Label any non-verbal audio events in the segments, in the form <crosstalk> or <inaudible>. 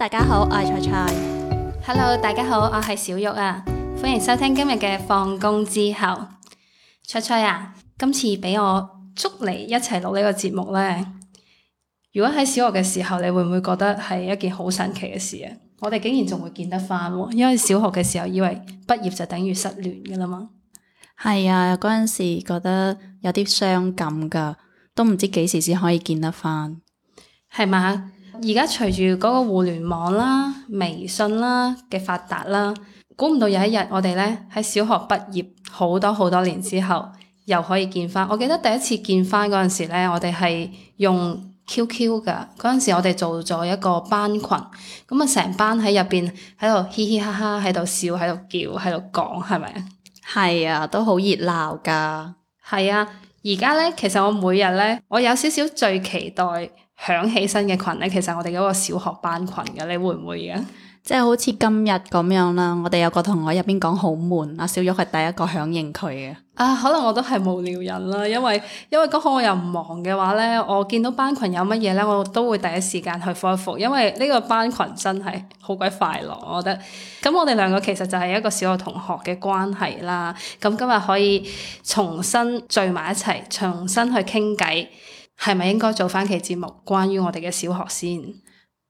大家好，我係菜菜，Hello，大家好，我係小玉啊，歡迎收聽今日嘅放工之後，菜菜啊，今次畀我捉你一齊錄呢個節目咧。如果喺小學嘅時候，你會唔會覺得係一件好神奇嘅事啊？我哋竟然仲會見得翻喎，因為小學嘅時候以為畢業就等於失聯噶啦嘛。係啊，嗰陣時覺得有啲傷感噶，都唔知幾時先可以見得翻，係嘛？而家隨住嗰個互聯網啦、微信啦嘅發達啦，估唔到有一日我哋咧喺小學畢業好多好多年之後，又可以見翻。我記得第一次見翻嗰陣時咧，我哋係用 QQ 㗎，嗰陣時我哋做咗一個班群，咁啊成班喺入邊喺度嘻嘻哈哈，喺度笑，喺度叫，喺度講係咪啊？係啊，都好熱鬧㗎。係啊，而家咧其實我每日咧，我有少少最期待。響起身嘅群咧，其實我哋有個小學班群嘅，你會唔會嘅？即係好似今日咁樣啦，我哋有個同學入邊講好悶，阿小玉係第一個響應佢嘅。啊，可能我都係無聊人啦，因為因為剛好我又唔忙嘅話咧，我見到班群有乜嘢咧，我都會第一時間去覆一覆，因為呢個班群真係好鬼快樂，我覺得。咁我哋兩個其實就係一個小學同學嘅關係啦。咁今日可以重新聚埋一齊，重新去傾偈。係咪應該做翻期節目關於我哋嘅小學先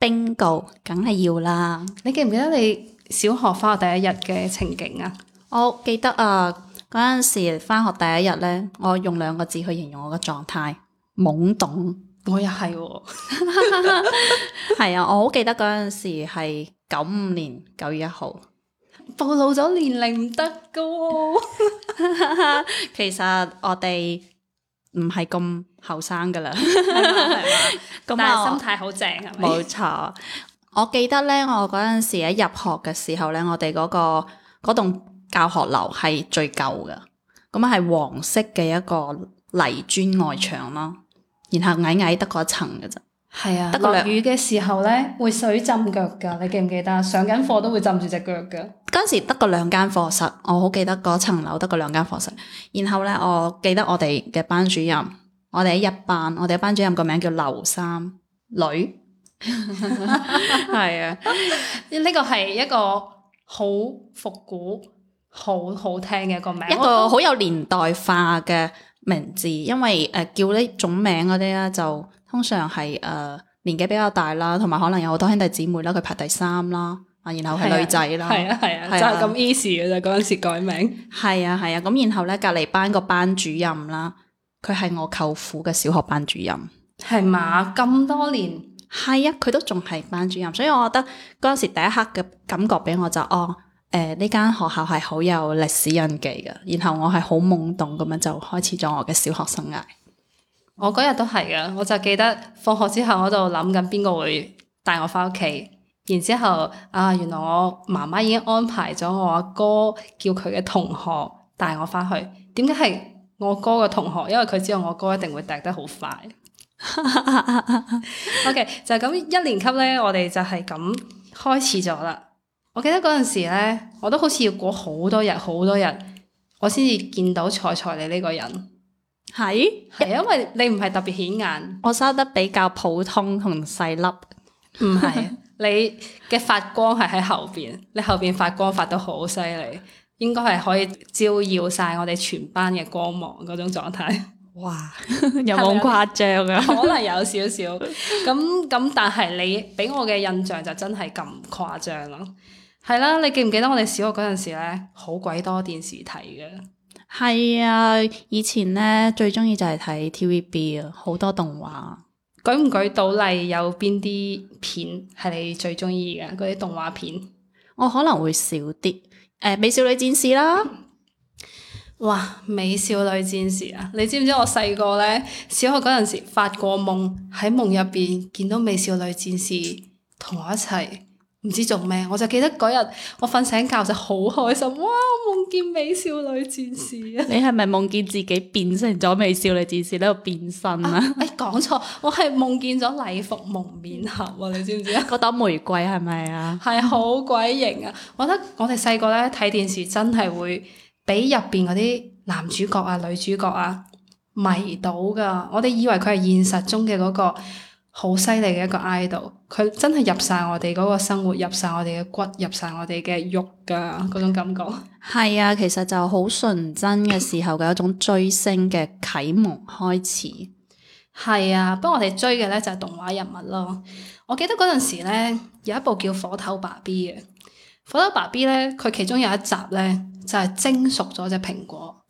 ？Bingo，梗係要啦！你記唔記得你小學翻學第一日嘅情景啊？我記得啊，嗰陣時翻學第一日咧，我用兩個字去形容我嘅狀態：懵懂。我又係、哦，係 <laughs> <laughs> 啊！我好記得嗰陣時係九五年九月一號，暴露咗年齡唔得噶喎。 <laughs> <laughs> 其實我哋。唔係咁後生噶啦， <laughs> <laughs> 但係心態好正，冇錯， <laughs> <laughs> 我記得咧，我嗰陣時喺入學嘅時候咧，我哋嗰、嗰個嗰棟教學樓係最舊噶，咁係黃色嘅一個泥磚外牆咯，然後矮矮得嗰一層噶咋。係啊，落雨嘅時候咧會水浸腳噶你記唔記得？上緊課都會浸住隻腳噶。嗰時得個兩間課室，我好記得嗰層樓得個兩間課室。然後咧，我記得我哋嘅班主任，我哋一班，我哋班主任個名叫劉三女，係 <laughs> <laughs> <laughs> 啊，呢個係一個好復古、好好聽嘅個名，一個好有年代化嘅名字，因為誒、呃、叫呢種名嗰啲咧就。通常係誒、呃、年紀比較大啦，同埋可能有好多兄弟姊妹啦，佢排第三啦，啊，然後係女仔啦，係啊係啊，就係咁 easy 嘅啫嗰陣時改名。係啊係啊，咁、啊、然後咧隔離班個班主任啦，佢係我舅父嘅小學班主任。係嘛、嗯？咁多年係、嗯、啊，佢都仲係班主任，所以我覺得嗰陣時第一刻嘅感覺俾我就，哦誒呢間學校係好有歷史印記嘅。然後我係好懵懂咁樣就開始咗我嘅小學生涯。我嗰日都係嘅，我就記得放學之後我就諗緊邊個會帶我翻屋企，然之後啊，原來我媽媽已經安排咗我阿哥叫佢嘅同學帶我翻去。點解係我哥嘅同學？因為佢知道我哥一定會趯得好快。 <laughs> OK，就咁一年級咧，我哋就係咁開始咗啦。我記得嗰陣時咧，我都好似要過好多日好多日，我先至見到菜菜你呢個人。係，係是因為你唔係特別顯眼，我生得比較普通同細粒，唔係 <laughs> 你嘅發光係喺後邊，你後邊發光發得好犀利，應該係可以照耀晒我哋全班嘅光芒嗰種狀態。哇， <laughs> 又有冇誇張啊？是是 <laughs> 可能有少少，咁咁， <laughs> 但係你俾我嘅印象就真係咁誇張咯。係啦，啊，你記唔記得我哋小學嗰陣時咧，好鬼多電視睇嘅。係啊，以前咧最中意就係睇 TVB 啊，好多動畫。舉唔舉到例？有邊啲片係你最中意嘅？嗰啲動畫片，我可能會少啲。誒、呃，美少女戰士啦，哇，美少女戰士啊！你知唔知我細個咧，小學嗰陣時發過夢，喺夢入邊見到美少女戰士同我一齊。唔知做咩，我就記得嗰日我瞓醒覺就好開心，哇！我夢見美少女戰士啊！你係咪夢見自己變成咗美少女戰士喺度變身啊？誒、啊，講、哎、錯，我係夢見咗禮服蒙面俠啊！你知唔知啊？嗰朵 <laughs> 玫瑰係咪啊？係好鬼型啊！我覺得我哋細個咧睇電視真係會俾入邊嗰啲男主角啊、女主角啊迷倒噶，我哋以為佢係現實中嘅嗰、嗰個。好犀利嘅一個 idol，佢真係入晒我哋嗰個生活，入晒我哋嘅骨，入晒我哋嘅肉噶嗰種感覺。係 Okay. <laughs> 啊，其實就好純真嘅時候嘅一種追星嘅啟蒙開始。係 <laughs> 啊，不過我哋追嘅咧就係、是、動畫人物咯。我記得嗰陣時咧有一部叫火頭爸 B 嘅，火頭爸 B 咧佢其中有一集咧就係、是、蒸熟咗隻蘋果。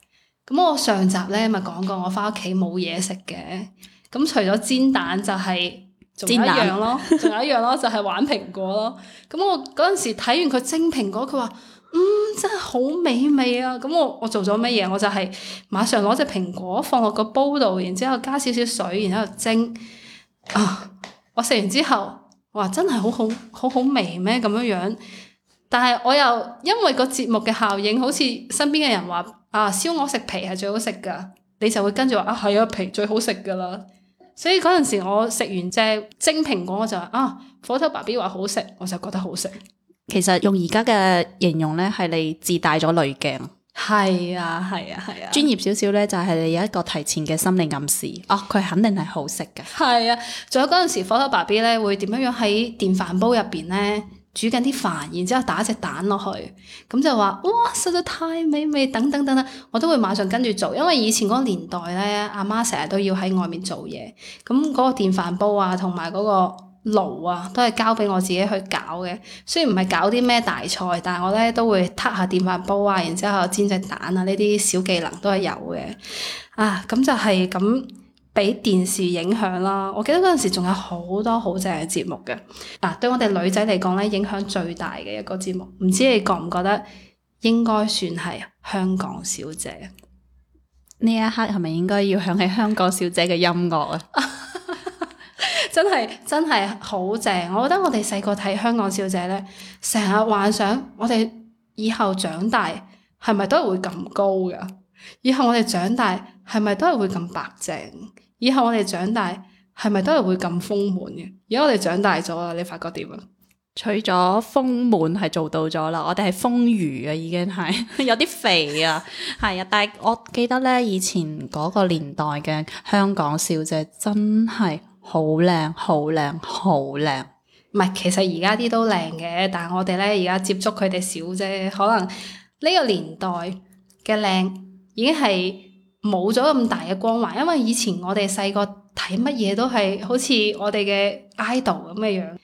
咁我上集咧咪講過我翻屋企冇嘢食嘅。咁、嗯、除咗煎蛋，就係、是、仲有一樣咯，仲煎蛋 <laughs> 有一樣咯，就係、是、玩蘋果咯。咁我嗰陣時睇完佢蒸蘋果，佢話：嗯，真係好美味啊！咁我我做咗咩嘢？我就係馬上攞隻蘋果放落個煲度，然之後加少少水，然後蒸。啊！我食完之後，哇！真係好好好好味咩？咁樣樣，但係我又因為個節目嘅效應，好似身邊嘅人話：啊，燒鵝食皮係最好食㗎，你就會跟住話：啊，係啊，皮最好食㗎喇！所以嗰陣時，我食完隻蒸蘋果，我就話：啊，火頭爸 B 話好食，我就覺得好食。其實用而家嘅形容咧，係你自帶咗濾鏡。係啊，係啊，係啊。專業少少咧，就係你有一個提前嘅心理暗示。哦、啊，佢肯定係好食嘅。係啊，仲有嗰陣時，火頭爸 B 咧會點樣樣喺電飯煲入邊咧？煮緊啲飯，然之後打一隻蛋落去，咁就話哇，實在太美味！等等等等，我都會馬上跟住做，因為以前嗰個年代咧，阿媽成日都要喺外面做嘢，咁嗰個電飯煲啊，同埋嗰個爐啊，都係交俾我自己去搞嘅。雖然唔係搞啲咩大菜，但係我咧都會撻下電飯煲啊，然之後煎隻蛋啊，呢啲小技能都係有嘅。啊，咁就係咁。俾電視影響啦，我記得嗰陣時仲有好多好正嘅節目嘅。嗱，啊，對我哋女仔嚟講咧，影響最大嘅一個節目，唔知你覺唔覺得應該算係《香港小姐》？呢一刻係咪應該要響起《香港小姐》嘅音樂啊？真係真係好正，我覺得我哋細個睇《香港小姐》咧，成日幻想我哋以後長大係咪都係會咁高噶？以後我哋長大，係咪都係會咁白淨？以後我哋長大係咪都係會咁豐滿嘅？而家我哋長大咗啦，你發覺點啊？除咗豐滿係做到咗啦，我哋係豐腴嘅已經係 <laughs> 有啲肥啊，係啊。但係我記得咧，以前嗰個年代嘅香港小姐真係好靚，好靚，好靚。唔係，其實而家啲都靚嘅，但係我哋咧而家接觸佢哋少啫，可能呢個年代嘅靚已經係。冇咗咁大嘅光環，因為以前我哋細個睇乜嘢都係好似我哋嘅 idol 咁嘅樣。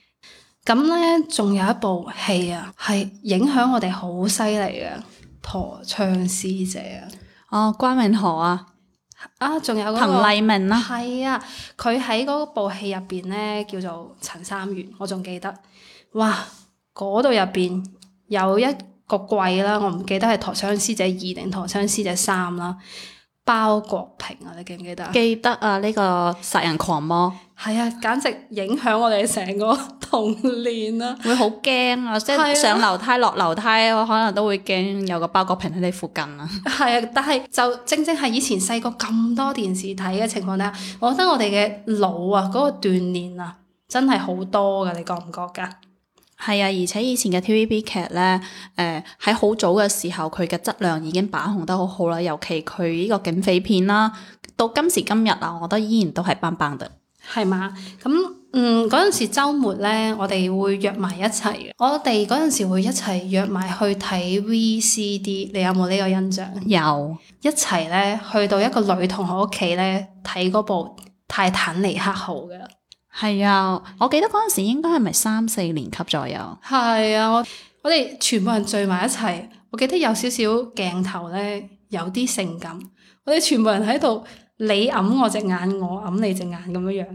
咁呢，仲有一部戲啊，係影響我哋好犀利嘅《陀槍師姐》啊。哦，關穎荷啊，啊，仲有、嗰個、彭麗明啊，係啊，佢喺嗰部戲入邊呢叫做陳三元，我仲記得。哇，嗰度入邊有一個季啦，我唔記得係《陀槍師姐二》定《陀槍師姐三》啦。包國平啊，你記唔記得？記得啊，呢個殺人狂魔。係啊，簡直影響我哋成個童年啊，會好驚啊，啊即係上樓梯落樓梯，我可能都會驚有個包國平喺你附近啊。係啊，但係就正正係以前細個咁多電視睇嘅情況底下，我覺得我哋嘅腦啊，嗰個鍛鍊啊，真係好多㗎，你覺唔覺㗎？係啊，而且以前嘅 TVB 劇咧，誒喺好早嘅時候，佢嘅質量已經把控得好好啦。尤其佢呢個警匪片啦，到今時今日啊，我覺得依然都係棒棒的。係嘛？咁嗯，嗰陣時周末咧，我哋會約埋一齊嘅。我哋嗰陣時會一齊約埋去睇 VCD，你有冇呢個印象？有。一齊咧，去到一個女同學屋企咧，睇嗰部《泰坦尼克號》嘅。係啊，我記得嗰陣時應該係咪三四年級左右？係啊，我我哋全部人聚埋一齊，我記得有少少鏡頭咧，有啲性感，我哋全部人喺度你揞我隻眼，我揞你隻眼咁樣樣。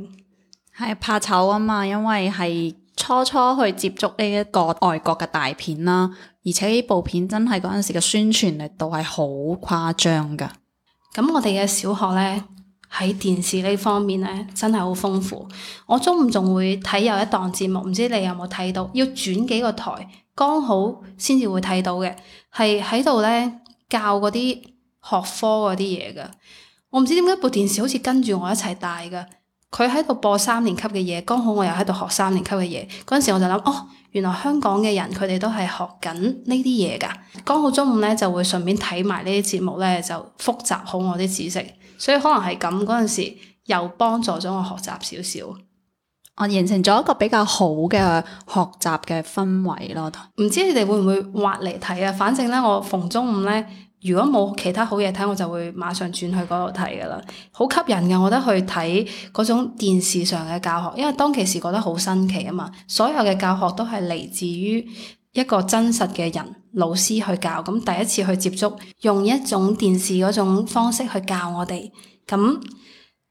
係啊，怕醜啊嘛，因為係初初去接觸呢一個外國嘅大片啦，而且呢部片真係嗰陣時嘅宣傳力度係好誇張噶。咁我哋嘅小學咧。喺電視呢方面咧，真係好豐富。我中午仲會睇有一檔節目，唔知你有冇睇到？要轉幾個台，剛好先至會睇到嘅，係喺度咧教嗰啲學科嗰啲嘢㗎。我唔知點解部電視好似跟住我一齊帶㗎。佢喺度播三年級嘅嘢，剛好我又喺度學三年級嘅嘢。嗰陣時我就諗，哦，原來香港嘅人佢哋都係學緊呢啲嘢㗎。剛好中午咧就會順便睇埋呢啲節目咧，就複習好我啲知識。所以可能係咁，嗰陣時又幫助咗我學習少少，我形成咗一個比較好嘅學習嘅氛圍咯。唔知你哋會唔會畫嚟睇啊？反正咧，我逢中午咧，如果冇其他好嘢睇，我就會馬上轉去嗰度睇噶啦。好吸引嘅，我覺得去睇嗰種電視上嘅教學，因為當其時覺得好新奇啊嘛。所有嘅教學都係嚟自於一個真實嘅人老師去教，咁第一次去接觸，用一種電視嗰種方式去教我哋，咁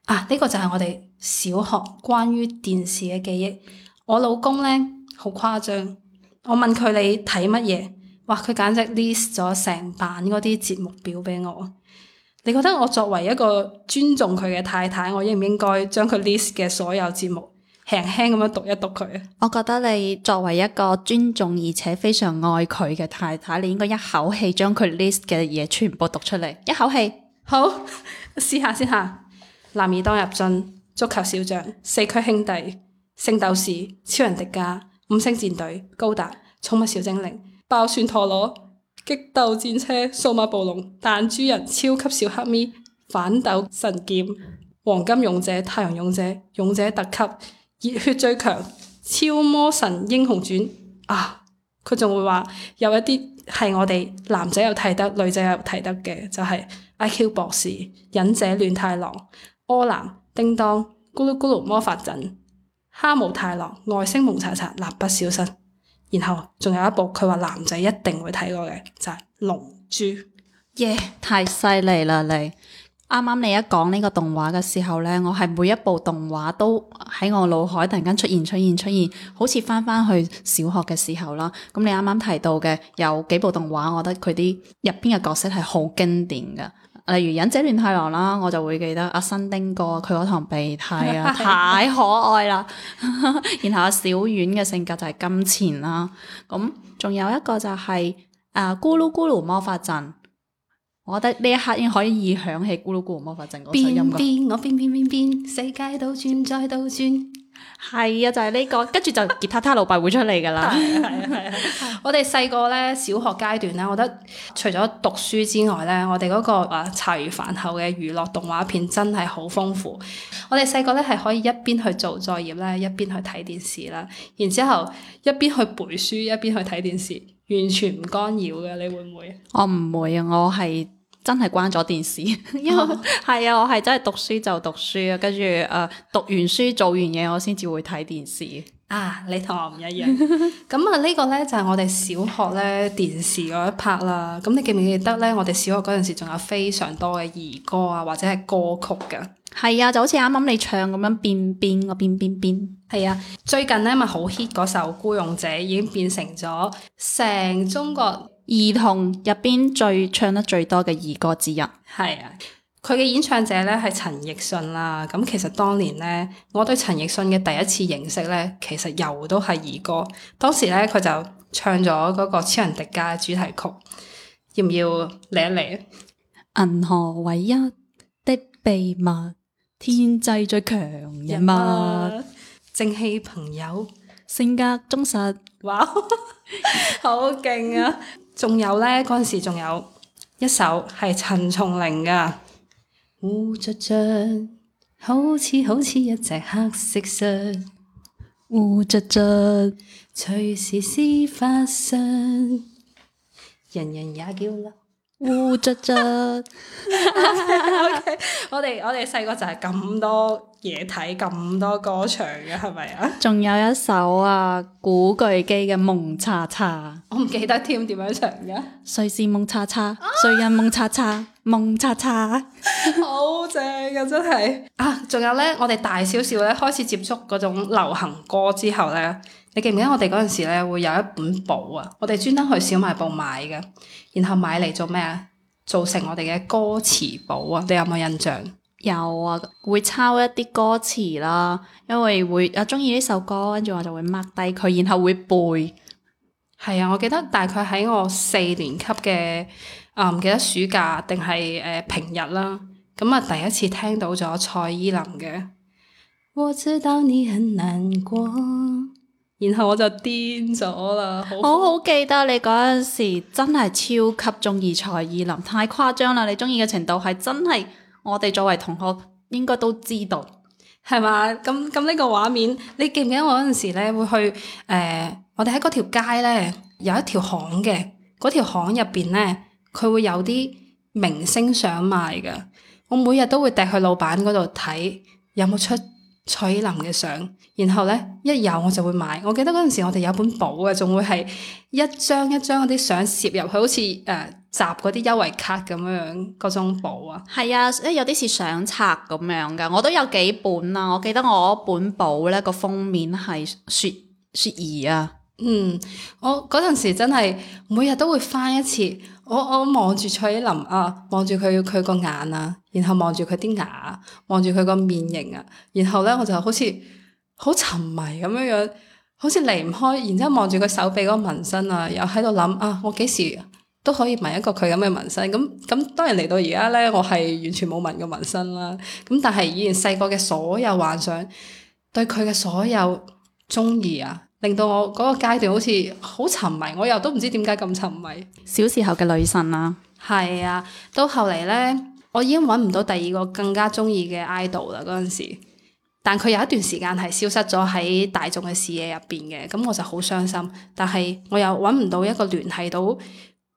啊呢個就係我哋小學關於電視嘅記憶。我老公咧好誇張，我問佢你睇乜嘢，哇佢簡直 list 咗成版嗰啲節目表俾我。你覺得我作為一個尊重佢嘅太太，我應唔應該將佢 list 嘅所有節目？輕輕咁樣讀一讀佢啊！我覺得你作為一個尊重而且非常愛佢嘅太太，你應該一口氣將佢 list 嘅嘢全部讀出嚟。一口氣。好，試下先吓。男兒當入樽、足球小將、四驅兄弟、聖鬥士、超人迪迦、五星戰隊、高達、寵物小精靈、爆旋陀螺、激鬥戰車、數碼暴龍、彈珠人、超級小黑咪、反斗神劍、黃金勇者、太陽勇者、勇者特級。熱血最強、超魔神英雄傳啊！佢仲會話有一啲係我哋男仔又睇得、女仔又睇得嘅，就係、是、IQ 博士、忍者亂太郎、柯南、叮當、咕嚕咕嚕魔法陣、哈姆太郎、外星蒙查查、蠟筆小新。然後仲有一部佢話男仔一定會睇過嘅，就係、是、龍珠。耶！Yeah, 太犀利啦你！啱啱你一講呢個動畫嘅時候呢，我係每一部動畫都喺我腦海突然間出現出現出現，好似翻翻去小學嘅時候啦。咁你啱啱提到嘅有幾部動畫，我覺得佢啲入邊嘅角色係好經典嘅，例如忍者亂太郎啦，我就會記得阿新丁哥佢嗰堂鼻涕啊，太可愛啦。 <laughs> <laughs> 然後阿小丸嘅性格就係金錢啦。咁仲有一個就係、是、誒、啊、咕嚕咕嚕魔法陣。我覺得呢一刻已經可以響起咕嚕咕嚕魔法陣嗰個音叮叮。變變我變變變變世界倒轉再倒轉，係啊就係、是、呢、這個跟住 <laughs> 就吉他他老伯會出嚟噶啦。係啊係啊係啊！啊啊啊 <laughs> 我哋細個咧小學階段咧，我覺得除咗讀書之外咧，我哋嗰、那個啊茶餘飯後嘅娛樂動畫片真係好豐富。我哋細個咧係可以一邊去做作業咧，一邊去睇電視啦，然之後一邊去，去背書一邊去睇電視。完全唔干擾嘅，你會唔會？我唔會 <laughs> 為、哦、啊！我係真係關咗電視，因為係啊，我係真係讀書就讀書啊，跟住誒讀完書做完嘢，我先至會睇電視。啊！你同我唔一樣，咁啊 <laughs> 呢個咧就係、是、我哋小學咧電視嗰一 part 啦。咁你記唔記得咧？我哋小學嗰陣時仲有非常多嘅兒歌啊，或者係歌曲噶。係啊，就好似啱啱你唱咁樣，變變變變變。係啊，最近咧咪好 hit 嗰首《孤勇者》已經變成咗成中國兒童入邊最唱得最多嘅兒歌之一。係啊。佢嘅演唱者咧係陳奕迅啦。咁其實當年咧，我對陳奕迅嘅第一次認識咧，其實又都係兒歌。當時咧佢就唱咗嗰個《超人迪迦》嘅主題曲。要唔要嚟一嚟？銀河唯一的秘密，天際最強人物，啊，正氣朋友，性格忠實。哇，Wow, <laughs> 好勁啊！仲 <laughs> 有咧，嗰陣時仲有一首係陳松伶噶。烏卒卒，好似好似一隻黑色相，烏卒卒，隨時事法相，人人也叫。烏卒卒，我哋我哋細個就係咁多嘢睇，咁多歌唱嘅係咪啊？仲有一首啊，古巨基嘅《夢叉叉》， <laughs> 我唔記得添點樣唱嘅。瑞士夢叉叉，瑞人夢叉叉，夢叉叉， <laughs> 好正 <laughs> 啊！真係啊，仲有呢，我哋大少少呢，開始接觸嗰種流行歌之後呢。你記唔記得我哋嗰陣時咧會有一本簿啊？我哋專登去小賣部買嘅，然後買嚟做咩啊？做成我哋嘅歌詞簿啊！你有冇印象？有啊，會抄一啲歌詞啦，因為會，我中意呢首歌，跟住我就會 mark 低佢，然後會背。係啊，我記得大概喺我四年級嘅啊，唔、嗯、記得暑假定係誒平日啦。咁、嗯、啊，第一次聽到咗蔡依林嘅。我知道你很難過。然後我就癲咗啦！我好記得你嗰陣時真係超級中意蔡依林，太誇張啦！你中意嘅程度係真係我哋作為同學應該都知道，係嘛？咁咁呢個畫面，你記唔記得嗰陣時咧會去誒、呃，我哋喺嗰條街咧有一條巷嘅，嗰條巷入邊咧佢會有啲明星想賣㗎，我每日都會掟去老闆嗰度睇有冇出。蔡依林嘅相，然後咧一有我就會買。我記得嗰陣時我哋有本簿嘅、啊，仲會係一張一張嗰啲相攝入去，好似誒集嗰啲優惠卡咁樣，嗰種簿啊。係啊，有啲似相冊咁樣噶，我都有幾本啊。我記得我本簿咧、個封面係雪雪兒啊。嗯，我嗰陣時真係每日都會翻一次。我我望住蔡依林啊，望住佢佢個眼啊，然後望住佢啲牙，望住佢個面型啊，然後咧我就好似好沉迷咁樣樣，好似離唔開，然之後望住佢手臂嗰個紋身啊，又喺度諗啊，我幾時都可以紋一個佢咁嘅紋身，咁咁當然嚟到而家咧，我係完全冇紋過紋身啦，咁但係以前細個嘅所有幻想，對佢嘅所有中意啊。令到我嗰個階段好似好沉迷，我又都唔知點解咁沉迷。小時候嘅女神啦、啊，係啊，到後嚟咧，我已經揾唔到第二個更加中意嘅 idol 啦。嗰陣時，但佢有一段時間係消失咗喺大眾嘅視野入邊嘅，咁我就好傷心。但係我又揾唔到一個聯繫到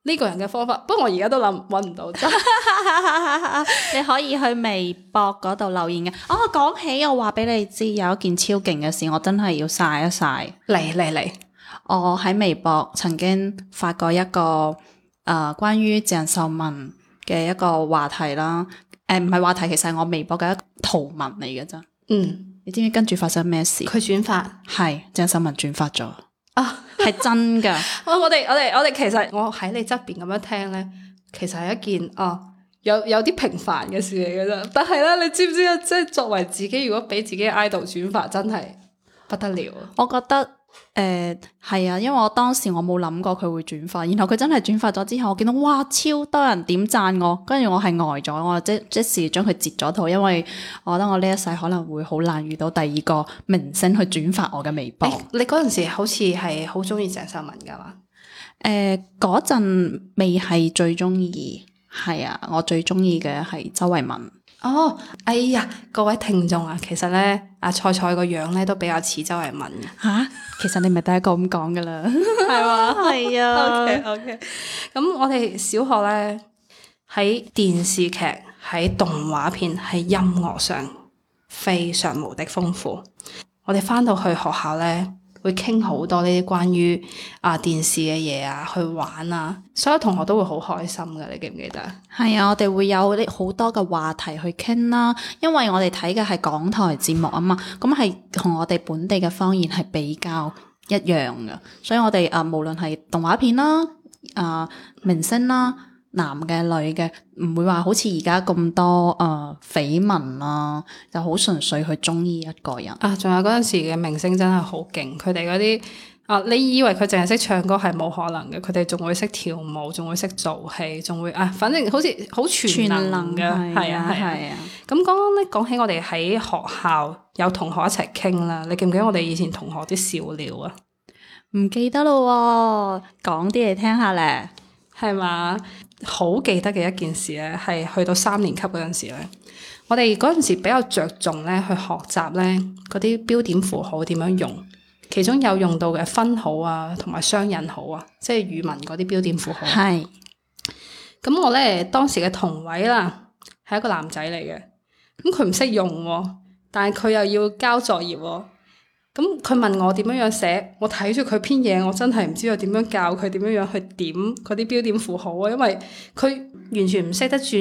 呢個人嘅方法，不過我而家都諗揾唔到。 <laughs> <laughs> 你可以去微博嗰度留言嘅。哦，講起我話俾你知，有一件超勁嘅事，我真係要晒一晒。嚟嚟嚟！我喺微博曾經發過一個誒、呃、關於鄭秀文嘅一個話題啦。誒，唔係話題，其實係我微博嘅一圖文嚟嘅啫。嗯。你知唔知跟住發生咩事？佢轉發，係鄭秀文轉發咗。啊，係、哦、真噶、 <laughs> 哦！我哋我哋我哋其實我喺你側邊咁樣聽咧，其實係一件啊、哦，有有啲平凡嘅事嚟嘅啫。但係咧，你知唔知啊？即係作為自己，如果俾自己 idol 轉發，真係不得了。我覺得。誒，係、呃、啊，因為我當時我冇諗過佢會轉發，然後佢真係轉發咗之後，我見到哇超多人點讚我，跟住我係呆咗，我即即時將佢截咗圖，因為我覺得我呢一世可能會好難遇到第二個明星去轉發我嘅微博、欸。你嗰陣時好似係好中意鄭秀文噶嘛？誒、呃，嗰陣未係最中意，係啊，我最中意嘅係周慧敏。哦，哎呀，各位聽眾啊，其實咧，阿菜菜個樣咧都比較似周慧敏嘅。嚇，其實你咪第一個咁講嘅啦，係嘛？係啊。OK OK、嗯。咁我哋小學咧，喺電視劇、喺動畫片、喺音樂上非常無敵豐富。我哋翻到去學校咧。會傾好多呢啲關於啊電視嘅嘢啊，去玩啊，所有同學都會好開心㗎。你記唔記得？係啊，我哋會有啲好多嘅話題去傾啦，因為我哋睇嘅係港台節目啊嘛，咁係同我哋本地嘅方言係比較一樣㗎，所以我哋啊、呃、無論係動畫片啦，啊、呃、明星啦。男嘅、女嘅，唔會話好似而家咁多誒、呃、緋聞啦、啊，就好純粹去中意一個人啊。仲有嗰陣時嘅明星真係好勁，佢哋嗰啲啊，你以為佢淨係識唱歌係冇可能嘅，佢哋仲會識跳舞，仲會識做戲，仲會啊，反正好似好全能嘅係啊係啊。咁、啊啊啊、剛剛咧講起我哋喺學校有同學一齊傾啦，你記唔記得我哋以前同學啲笑料啊？唔、嗯、記得咯，講啲嚟聽，聽下咧，係嘛？好記得嘅一件事咧，係去到三年級嗰陣時咧，我哋嗰陣時比較着重咧去學習咧嗰啲標點符號點樣用，其中有用到嘅分號啊，同埋雙引號啊，即係語文嗰啲標點符號。係是，咁我咧當時嘅同位啦，係一個男仔嚟嘅，咁佢唔識用，但係佢、啊、又要交作業、啊。咁佢問我點樣樣寫，我睇住佢篇嘢，我真係唔知道點樣教佢點樣樣去點嗰啲標點符號啊，因為佢完全唔識得轉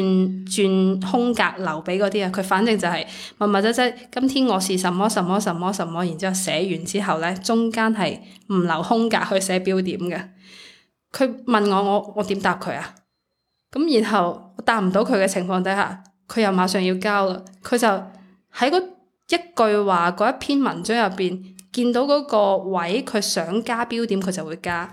轉空格留俾嗰啲啊，佢反正就係密密質質。今天我係什麼什麼什麼什麼，然之後寫完之後咧，中間係唔留空格去寫標點嘅。佢問我我我點答佢啊？咁然後我答唔到佢嘅情況底下，佢又馬上要交啦。佢就喺個一句話嗰一篇文章入邊，見到嗰個位佢想加標點，佢就會加。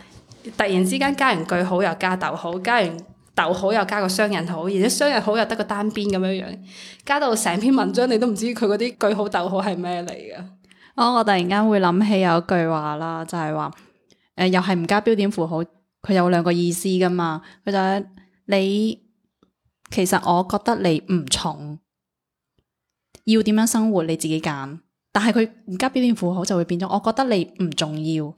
突然之間加完句號，又加逗號，加完逗號又加個雙引號，而且雙引號又得個單邊咁樣樣，加到成篇文章你都唔知佢嗰啲句號逗號係咩嚟嘅。哦，我突然間會諗起有一句話啦，就係、是、話，誒、呃、又係唔加標點符號，佢有兩個意思噶嘛。佢就係、是、你其實我覺得你唔重。要點樣生活你自己揀，但係佢而家標點符號就會變咗。我覺得你唔重要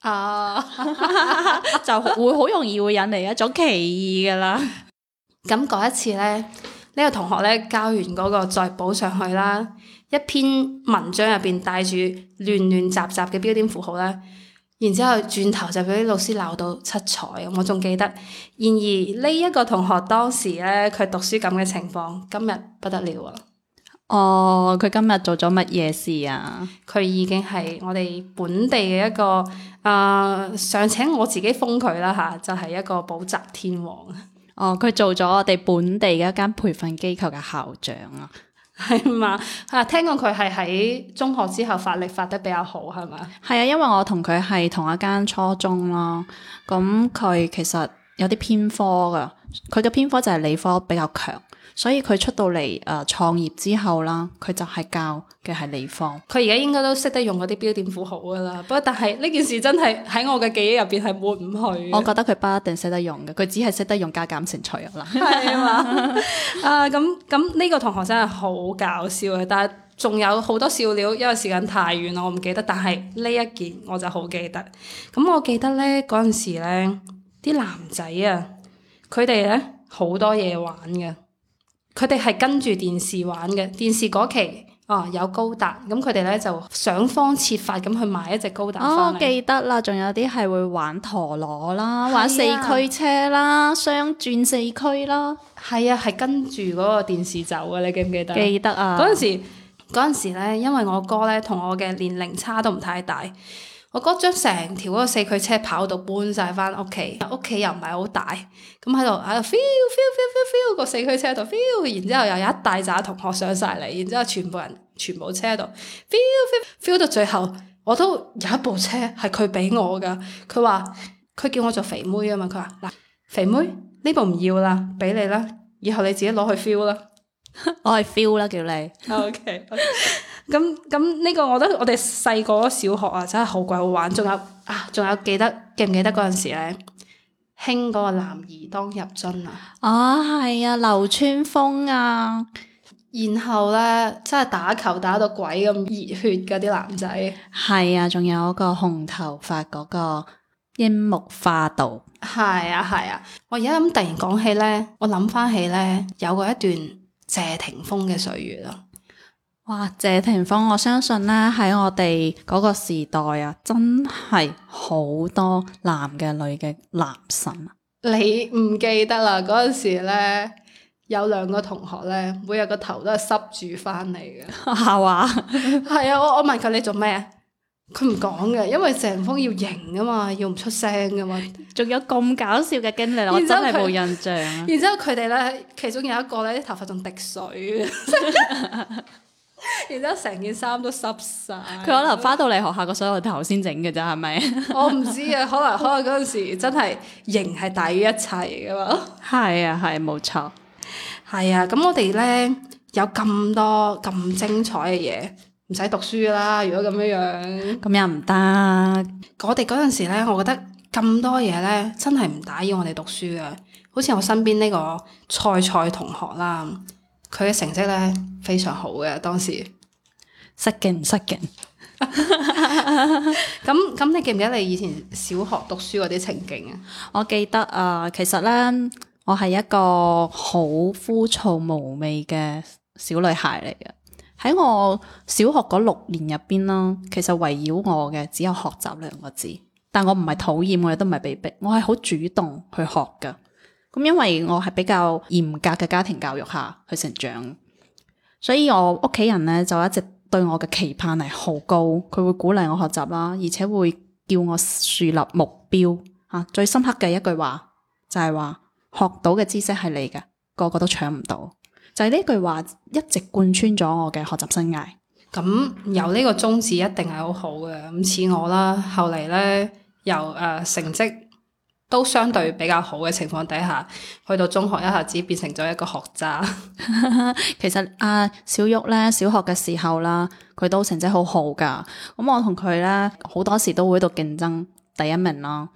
啊， <laughs> <laughs> 就會好容易會引嚟一種歧義噶啦。咁嗰一次呢，呢個同學呢，交完嗰個再補上去啦，一篇文章入邊帶住亂亂雜雜嘅標點符號咧，然之後轉頭就俾啲老師鬧到七彩。我仲記得，然而呢一個同學當時呢，佢讀書咁嘅情況，今日不得了啊！哦，佢今日做咗乜嘢事啊？佢已經係我哋本地嘅一個誒，呃，尚且我自己封佢啦吓，就係、是、一個補習天王。哦，佢做咗我哋本地嘅一間培訓機構嘅校長啊？係嘛？啊，聽講佢係喺中學之後發力發得比較好，係嘛？係啊，因為我同佢係同一間初中咯。咁佢其實有啲偏科㗎，佢嘅偏科就係理科比較強。所以佢出到嚟誒創業之後啦，佢就係教嘅係離方。佢而家應該都識得用嗰啲標點符號㗎喇，不過但係呢件事真係喺我嘅記憶入邊係抹唔去。我覺得佢不一定識得用嘅，佢只係識得用加減乘除啦。係 <laughs> <laughs> <laughs> 啊嘛，啊，咁咁呢個同學真係好搞笑呀，但係仲有好多笑料，因為時間太遠啦，我唔記得。但係呢一件我就好記得咁，我記得呢嗰陣時呢啲男仔啊，佢哋呢好多嘢玩嘅。佢哋係跟住電視玩嘅，電視嗰期哦有高達，咁佢哋呢就想方設法咁去買一隻高達翻嚟哦，我記得啦，仲有啲係會玩陀螺啦，啊、玩四驅車啦，雙轉四驅啦。係啊，係跟住嗰個電視走嘅，你記唔記得？記得啊！嗰陣時嗰陣時呢，因為我哥呢同我嘅年齡差都唔太大。我哥將成條嗰個四驅車跑到搬晒翻屋企，屋企又唔係好大，咁喺度喺度 feel feel feel feel feel 個四驅車喺度 feel，然之後又有一大紮同學上晒嚟，然之後全部人全部車喺度 feel feel feel 到最後，我都有一部車係佢俾我噶，佢話佢叫我做肥妹啊嘛，佢話嗱肥妹呢部唔要啦，俾你啦，以後你自己攞去 feel 啦， <laughs> 我係 feel 啦叫你。 <laughs> Oh okay, okay. <laughs> 咁咁呢個我覺得我哋細個小學啊，真係好鬼好玩。仲有啊，仲有記得，記唔記得嗰陣時咧，興嗰個男兒當入樽啊！啊，係啊，流川楓啊！然後咧，真係打球打到鬼咁熱血嗰啲男仔。係啊，仲有個紅頭髮嗰個櫻木花道。係啊係啊，我而家咁突然講起咧，我諗翻起咧有過一段謝霆鋒嘅歲月咯。嗯。哇，謝霆鋒，我相信咧喺我哋嗰個時代的的啊，真係好多男嘅、女嘅男神。你唔記得啦？嗰陣時咧有兩個同學咧，每日個頭都係濕住翻嚟嘅。係嘛？係啊，我我問佢你做咩啊？佢唔講嘅，因為謝霆鋒要型啊嘛，要唔出聲噶嘛。仲有咁搞笑嘅經歷，我真係冇印象。然之後佢哋咧，其中有一個咧，啲頭髮仲滴水。 <laughs> <laughs> 然之後成件衫都濕晒，佢可能翻到嚟學校個所有頭先整嘅咋，係咪？我唔知啊，可能 <laughs> 可能嗰陣時真係型係大於一切嘅嘛。係 <laughs> 啊，係冇錯。係啊，咁、啊、我哋咧有咁多咁精彩嘅嘢，唔使讀書啦。如果咁樣樣，咁又唔得。我哋嗰陣時咧，我覺得咁多嘢咧，真係唔打擾我哋讀書嘅。好似我身邊呢個菜菜同學啦。佢嘅成績咧非常好嘅，當時失敬唔失敬？咁咁，你記唔記得你以前小學讀書嗰啲情景啊？我記得啊、呃，其實咧，我係一個好枯燥無味嘅小女孩嚟嘅。喺我小學嗰六年入邊啦，其實圍繞我嘅只有學習兩個字。但我唔係討厭，我亦都唔係被逼，我係好主動去學噶。咁因為我係比較嚴格嘅家庭教育下去成長，所以我屋企人咧就一直對我嘅期盼係好高，佢會鼓勵我學習啦，而且會叫我樹立目標嚇、啊。最深刻嘅一句話就係、是、話學到嘅知識係你嘅，個個都搶唔到，就係、是、呢句話一直貫穿咗我嘅學習生涯。咁、嗯嗯、由呢個宗旨一定係好好嘅，咁似我啦。後嚟咧，由誒、呃、成績。都相對比較好嘅情況底下，去到中學一下子變成咗一個學渣。 <laughs> 其實阿、啊、小玉咧，小學嘅時候啦，佢都成績好好噶。咁、嗯、我同佢咧好多時都會喺度競爭第一名咯。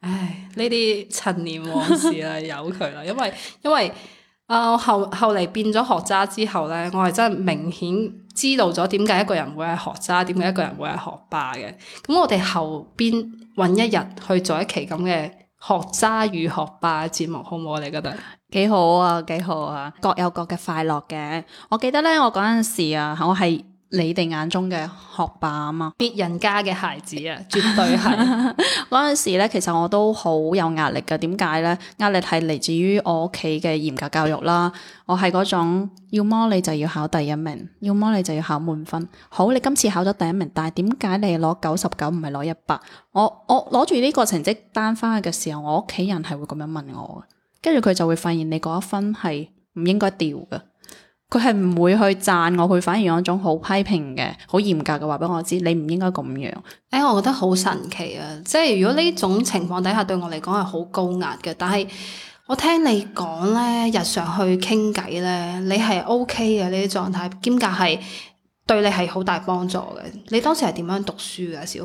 唉，呢啲陳年往事啦，由佢啦。因為因為啊、呃，我後後嚟變咗學渣之後咧，我係真係明顯知道咗點解一個人會係學渣，點解一個人會係學霸嘅。咁我哋後邊揾一日去做一期咁嘅。學渣與學霸節目好唔好？你覺得？幾好啊，幾好啊，各有各嘅快樂嘅。我記得咧，我嗰陣時啊，我係。你哋眼中嘅學霸啊嘛，別人家嘅孩子啊，絕對係。嗰陣時咧，其實我都好有壓力㗎。點解咧？壓力係嚟自於我屋企嘅嚴格教育啦。我係嗰種，要麼你就要考第一名，要麼你就要考滿分。好，你今次考咗第一名，但係點解你攞九十九唔係攞一百？我我攞住呢個成績單翻去嘅時候，我屋企人係會咁樣問我嘅，跟住佢就會發現你嗰一分係唔應該掉嘅。佢係唔會去讚我，佢反而有一種好批評嘅、好嚴格嘅話，俾我知你唔應該咁樣。誒、欸，我覺得好神奇啊！即係如果呢種情況底下對我嚟講係好高壓嘅，但係我聽你講呢，日常去傾偈呢，你係 OK 嘅呢啲狀態，兼夾係對你係好大幫助嘅。你當時係點樣讀書㗎？小學，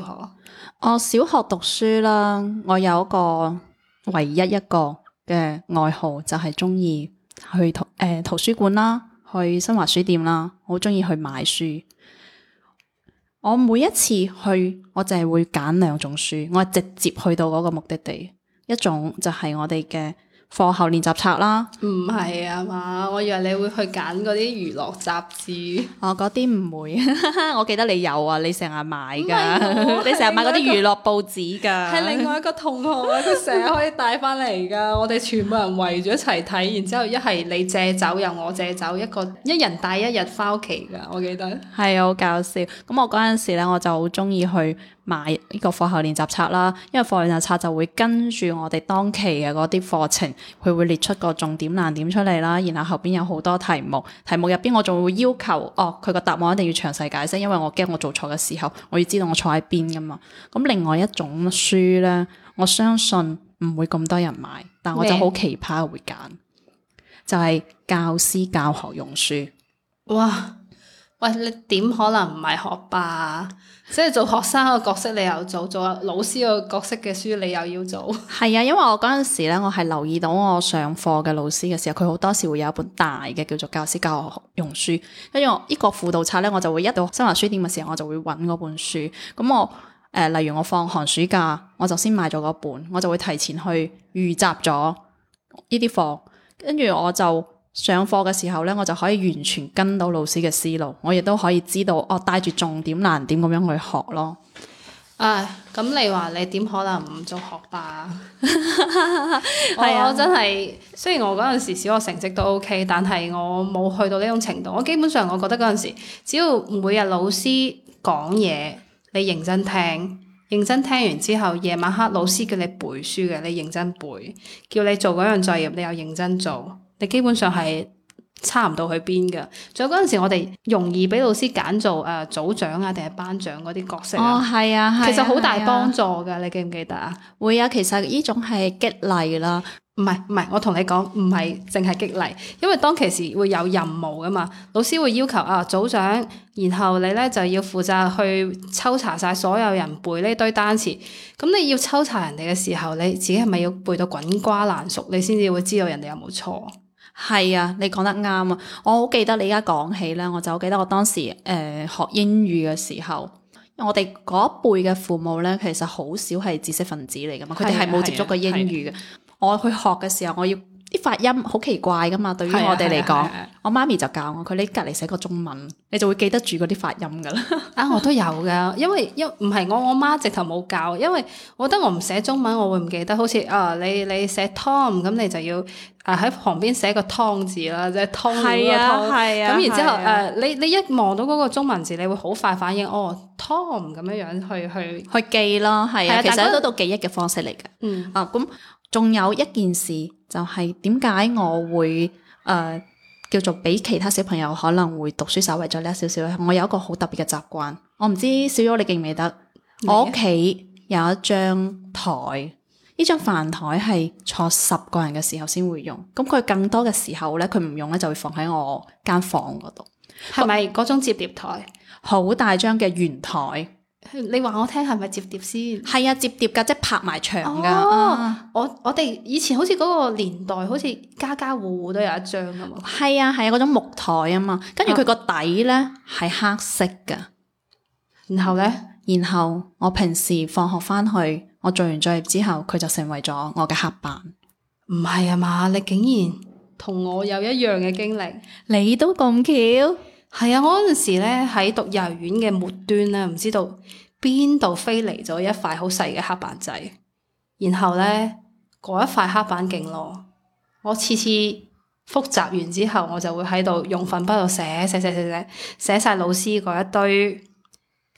我小學讀書啦，我有一個唯一一個嘅愛好就係中意去圖誒、欸、圖書館啦。去新華書店啦，好中意去買書。我每一次去，我淨係會揀兩種書，我係直接去到嗰個目的地。一種就係我哋嘅課後練習冊啦，唔係啊嘛，我以為你會去揀嗰啲娛樂雜誌。 <laughs> 哦，嗰啲唔會， <laughs> 我記得你有啊，你成日買㗎， <laughs> 你成日買嗰啲娛樂報紙㗎。係另外一個同學啊，佢成日可以帶翻嚟㗎， <laughs> 我哋全部人圍住一齊睇，然之後一係你借走，又我借走，一個一人帶一日翻屋企㗎，我記得。係 <laughs> 啊，好搞笑。咁我嗰陣時咧，我就好中意去。買呢個課後練習冊啦，因為課後練習冊就會跟住我哋當期嘅嗰啲課程，佢會列出個重點難點出嚟啦，然後後邊有好多題目，題目入邊我仲會要求，哦，佢個答案一定要詳細解釋，因為我驚我做錯嘅時候，我要知道我錯喺邊噶嘛。咁另外一種書呢，我相信唔會咁多人買，但我就好奇葩會揀，美就係教師教學用書。哇！喂，你點可能唔係學霸？即係做學生個角色你，你又做做老師個角色嘅書，你又要做。係 <laughs> 啊，因為我嗰陣時咧，我係留意到我上課嘅老師嘅時候，佢好多時會有一本大嘅叫做教師教學用書。跟住我呢個輔導冊咧，我就會一到新華書店嘅時候，我就會揾嗰本書。咁我誒、呃，例如我放寒暑假，我就先買咗嗰本，我就會提前去預習咗呢啲課，跟住我就。上課嘅時候咧，我就可以完全跟到老師嘅思路，我亦都可以知道哦，帶住重點難點咁樣去學咯。啊，咁你話你點可能唔做學霸？ <laughs> 我，係啊、我真係雖然我嗰陣時小學成績都 O、OK, K，但係我冇去到呢種程度。我基本上我覺得嗰陣時，只要每日老師講嘢，你認真聽，認真聽完之後，夜晚黑老師叫你背書嘅，你認真背；叫你做嗰樣作業，你又認真做。基本上係差唔到去邊噶。仲有嗰陣時，我哋容易俾老師揀做誒、啊、組長啊，定係班長嗰啲角色、啊。哦，啊，啊其實好大幫助噶。啊啊、你記唔記得啊？會啊，其實呢種係激勵啦。唔係唔係，我同你講唔係淨係激勵，因為當其時會有任務噶嘛，老師會要求啊組長，然後你咧就要負責去抽查晒所有人背呢堆單詞。咁你要抽查人哋嘅時候，你自己係咪要背到滾瓜爛熟，你先至會知道人哋有冇錯？係啊，你講得啱啊！我好記得你而家講起咧，我就好記得我當時誒、呃、學英語嘅時候，我哋嗰一輩嘅父母咧，其實好少係知識分子嚟噶嘛，佢哋係冇接觸過英語嘅。我去學嘅時候，我要。啲發音好奇怪噶嘛，對於我哋嚟講，我媽咪就教我，佢你隔離寫個中文，你就會記得住嗰啲發音噶啦。啊，我都有噶，因為因唔係我我媽直頭冇教，因為我覺得我唔寫中文，我會唔記得。好似啊，你你寫 Tom 咁，你就要啊喺旁邊寫個 Tom 字啦，即係 Tom。係啊，係啊。咁然之後誒，你你一望到嗰個中文字，你會好快反應哦，Tom 咁樣樣去去去記囉，係啊，其實都到記憶嘅方式嚟嘅。嗯啊，咁。仲有一件事，就係點解我會誒、呃、叫做比其他小朋友可能會讀書稍微再叻少少咧？我有一個好特別嘅習慣，我唔知小 y 你記唔記得？呢我屋企有一張台，呢張飯台係坐十個人嘅時候先會用。咁佢更多嘅時候咧，佢唔用咧就會放喺我間房嗰度。係咪嗰種摺疊台？好大張嘅圓台。你話我聽係咪摺疊先？係啊，摺疊㗎，即係拍埋牆㗎。我我哋以前好似嗰個年代，好似家家戶戶都有一張㗎嘛。係啊係啊，嗰、啊、種木枱啊嘛。跟住佢個底咧係黑色㗎、啊。然後咧，然後我平時放學返去，我做完作業之後，佢就成為咗我嘅黑板。唔係啊嘛，你竟然同我有一樣嘅經歷，你都咁巧。係啊，我嗰陣時咧喺讀幼兒園嘅末端咧，唔知道邊度飛嚟咗一塊好細嘅黑板仔，然後咧嗰一塊黑板勁囉，我次次複習完之後，我就會喺度用粉筆度寫寫寫寫寫寫晒老師嗰一堆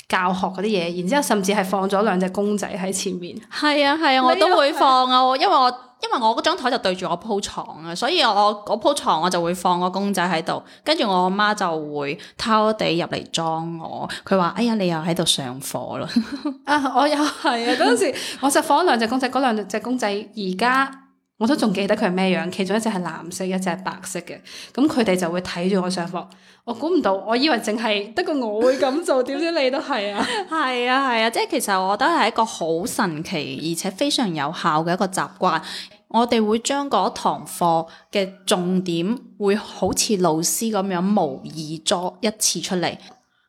教學嗰啲嘢，然之後甚至係放咗兩隻公仔喺前面。係、嗯、啊，係啊，我都會放啊，因為我。因為我嗰張台就對住我鋪床啊，所以我我鋪床我就會放個公仔喺度，跟住我阿媽就會偷地入嚟裝我。佢話：哎呀，你又喺度上課咯。 <laughs> 」啊，我又係啊！嗰陣時我就放兩隻公仔，嗰兩隻公仔而家我都仲記得佢係咩樣，其中一隻係藍色，一隻係白色嘅。咁佢哋就會睇住我上課。我估唔到，我以為淨係得個我會咁做，點 <laughs> 知你都係啊！係 <laughs> 啊係啊，啊，啊，即係其實我覺得係一個好神奇而且非常有效嘅一個習慣。我哋會將嗰堂課嘅重點會好似老師咁樣模擬咗一次出嚟。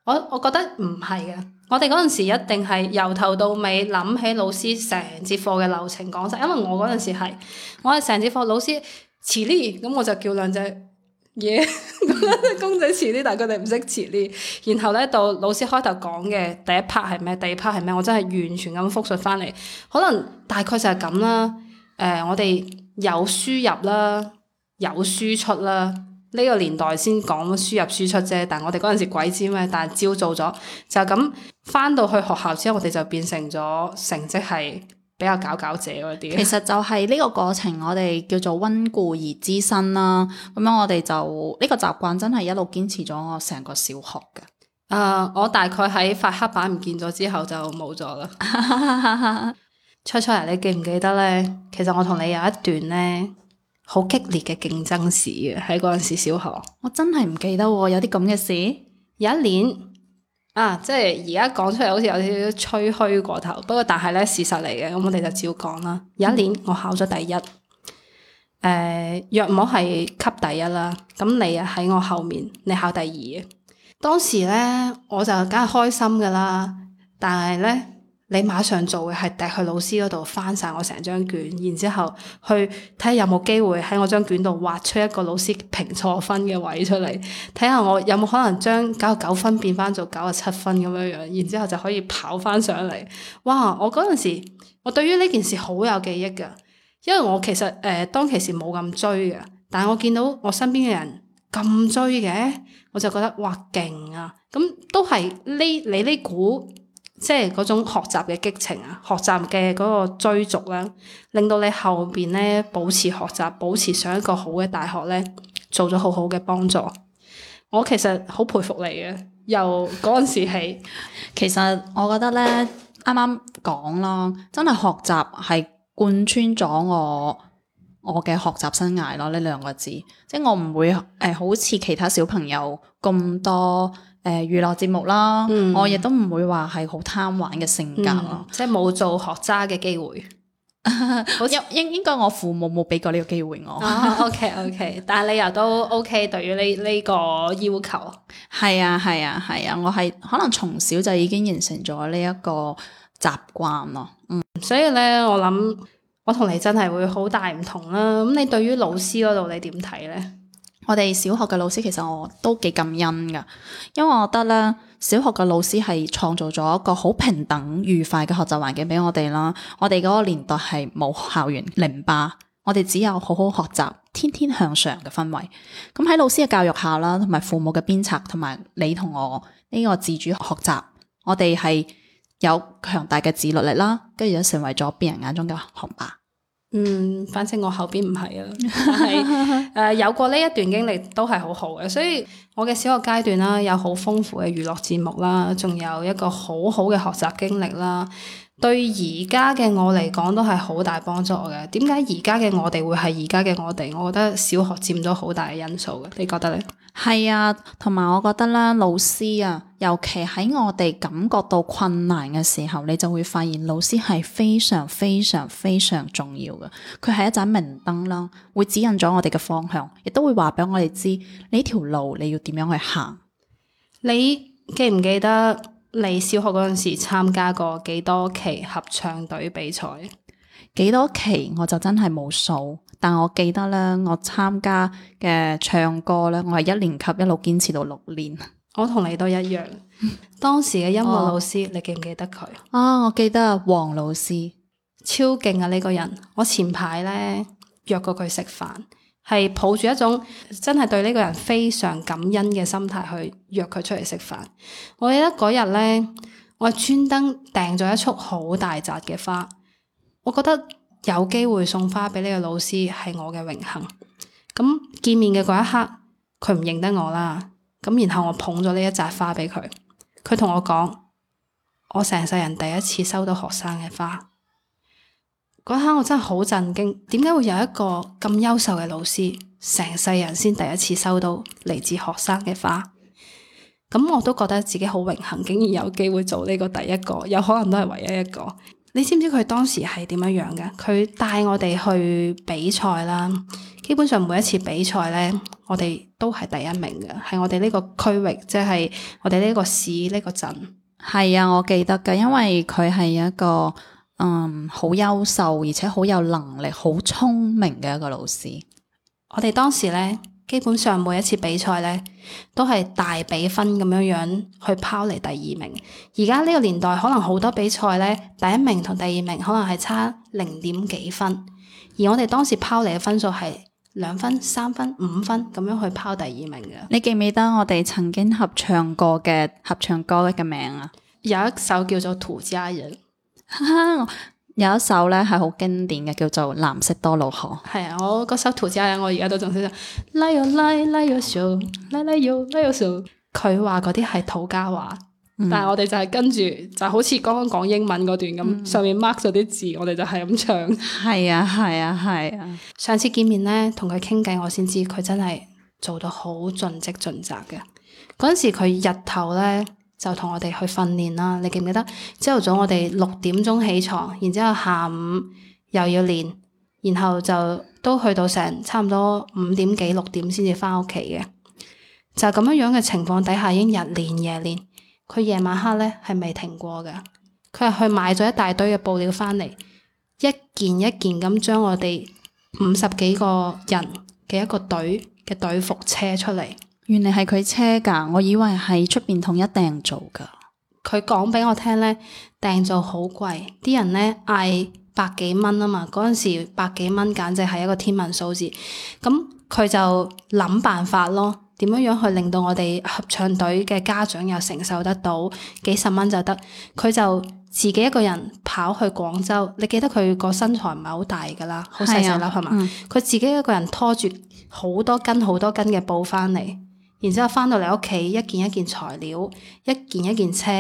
我我覺得唔係嘅，我哋嗰陣時一定係由頭到尾諗起老師成節課嘅流程講晒。因為我嗰陣時係，我係成節課老師遲啲，咁我就叫兩隻嘢，咁樣即公仔遲啲，但係佢哋唔識遲啲。然後咧到老師開頭講嘅第一 part 係咩？第二 part 係咩？我真係完全咁複述翻嚟，可能大概就係咁啦。誒、呃，我哋有輸入啦，有輸出啦。呢、這個年代先講輸入輸出啫，但係我哋嗰陣時鬼知咩？但係朝早咗就咁翻到去學校之後，我哋就變成咗成績係比較佼佼者嗰啲。其實就係呢個過程，我哋叫做溫故而知新啦。咁樣我哋就呢、這個習慣真係一路堅持咗我成個小學㗎。誒、呃，我大概喺發黑板唔見咗之後就冇咗啦。 <laughs> 吹吹啊！你記唔記得咧？其實我同你有一段咧，好激烈嘅競爭史嘅。喺嗰陣時小學，我真係唔記得喎、哦。有啲咁嘅事，有一年啊，即係而家講出嚟好似有少少吹噓過頭。不過但係咧，事實嚟嘅，咁我哋就照講啦。有、嗯、一年我考咗第一，誒、呃、若冇係級第一啦，咁你啊喺我後面，你考第二嘅。當時咧我就梗係開心噶啦，但係咧。你馬上做嘅係掟去老師嗰度翻晒我成張卷，然之後去睇下有冇機會喺我張卷度畫出一個老師評錯分嘅位出嚟，睇下我有冇可能將九啊九分變翻做九啊七分咁樣樣，然之後就可以跑翻上嚟。哇！我嗰陣時我對於呢件事好有記憶㗎，因為我其實誒、呃、當其時冇咁追㗎，但係我見到我身邊嘅人咁追嘅，我就覺得哇勁啊！咁、嗯、都係呢你呢股。即係嗰種學習嘅激情啊，學習嘅嗰個追逐咧，令到你後邊咧保持學習，保持上一個好嘅大學咧，做咗好好嘅幫助。我其實好佩服你嘅，由嗰陣時起， <laughs> 其實我覺得咧，啱啱講咯，真係學習係貫穿咗我我嘅學習生涯咯。呢兩個字，即係我唔會誒、呃，好似其他小朋友咁多。誒、呃、娛樂節目啦，嗯、我亦都唔會話係好貪玩嘅性格咯、嗯，即係冇做學渣嘅機會。應應 <laughs> 像 <laughs> 應該我父母冇俾過呢個機會我、啊。OK OK， <laughs> 但係你又都 OK，對於呢呢個要求。係 <laughs> 啊係啊係啊,啊，我係可能從小就已經形成咗呢一個習慣咯。嗯，所以咧，我諗我同你真係會好大唔同啦、啊。咁你對於老師嗰度你點睇咧？我哋小學嘅老師其實我都幾感恩㗎，因為我覺得咧，小學嘅老師係創造咗一個好平等、愉快嘅學習環境俾我哋啦。我哋嗰個年代係冇校園零霸，我哋只有好好學習、天天向上嘅氛圍。咁喺老師嘅教育下啦，同埋父母嘅鞭策，同埋你同我呢個自主學習，我哋係有強大嘅自律力啦，跟住咧成為咗別人眼中嘅學霸。嗯，反正我後邊唔係啊，但係誒、 <laughs> 呃、有過呢一段經歷都係好好嘅，所以我嘅小學階段啦，有好豐富嘅娛樂節目啦，仲有一個好好嘅學習經歷啦。對而家嘅我嚟講都係好大幫助嘅。點解而家嘅我哋會係而家嘅我哋？我覺得小學佔咗好大嘅因素嘅，你覺得呢？係啊，同埋我覺得啦，老師啊，尤其喺我哋感覺到困難嘅時候，你就會發現老師係非常非常非常重要嘅。佢係一盞明燈啦，會指引咗我哋嘅方向，亦都會話俾我哋知呢條路你要點樣去行。你記唔記得？你小學嗰陣時，參加過幾多期合唱隊比賽？幾多期我就真係冇數，但我記得咧，我參加嘅唱歌咧，我係一年級一路堅持到六年。我同你都一樣。 <laughs> 當時嘅音樂老師，哦、你記唔記得佢？啊、哦，我記得黃老師，超勁啊呢個人。我前排咧約過佢食飯。係抱住一種真係對呢個人非常感恩嘅心態去約佢出嚟食飯。我記得嗰日咧，我專登訂咗一束好大扎嘅花。我覺得有機會送花俾呢個老師係我嘅榮幸。咁見面嘅嗰一刻，佢唔認得我啦。咁然後我捧咗呢一扎花俾佢，佢同我講：我成世人第一次收到學生嘅花。嗰刻我真係好震驚，點解會有一個咁優秀嘅老師，成世人先第一次收到嚟自學生嘅花？咁我都覺得自己好榮幸，竟然有機會做呢個第一個，有可能都係唯一一個。你知唔知佢當時係點樣樣㗎？佢帶我哋去比賽啦，基本上每一次比賽咧，我哋都係第一名嘅，係我哋呢個區域，即係我哋呢個市、呢個鎮。係啊，我記得㗎，因為佢係一個。嗯，好優秀而且好有能力、好聰明嘅一個老師。我哋當時咧，基本上每一次比賽咧，都係大比分咁樣樣去拋離第二名。而家呢個年代可能好多比賽咧，第一名同第二名可能係差零點幾分，而我哋當時拋離嘅分數係兩分、三分、五分咁樣去拋第二名嘅。你記唔記得我哋曾經合唱過嘅合唱歌嘅名啊？有一首叫做《土家人》。哈哈， <laughs> 有一首咧係好經典嘅，叫做《藍色多瑙河》。係啊，我嗰首圖紙我而家都仲識唱。拉喲拉，拉喲少，拉拉少。佢話嗰啲係土家話，嗯、但係我哋就係跟住，就好似剛剛講英文嗰段咁，嗯、上面 mark 咗啲字，我哋就係咁唱。係、嗯、啊，係啊，係啊。 <laughs> 啊啊上次見面咧，同佢傾偈，我先知佢真係做到好盡職盡責嘅。嗰時佢日頭咧，就同我哋去訓練啦，你記唔記得？朝頭早我哋六點鐘起床，然之後下午又要練，然後就都去到成差唔多五點幾六點先至翻屋企嘅。就咁、是、樣樣嘅情況底下，已經日練夜練，佢夜晚黑咧係未停過㗎。佢係去買咗一大堆嘅布料翻嚟，一件一件咁將我哋五十幾個人嘅一個隊嘅隊服車出嚟。原嚟係佢車噶，我以為係出邊統一訂做噶。佢講俾我聽咧，訂做好貴，啲人咧嗌百幾蚊啊嘛。嗰陣時百幾蚊簡直係一個天文數字。咁佢就諗辦法咯，點樣樣去令到我哋合唱隊嘅家長又承受得到，幾十蚊就得。佢就自己一個人跑去廣州。你記得佢個身材唔係好大噶啦，好細細粒係嘛？佢自己一個人拖住好多斤好多斤嘅布翻嚟。然之後翻到嚟屋企，一件一件材料，一件一件車，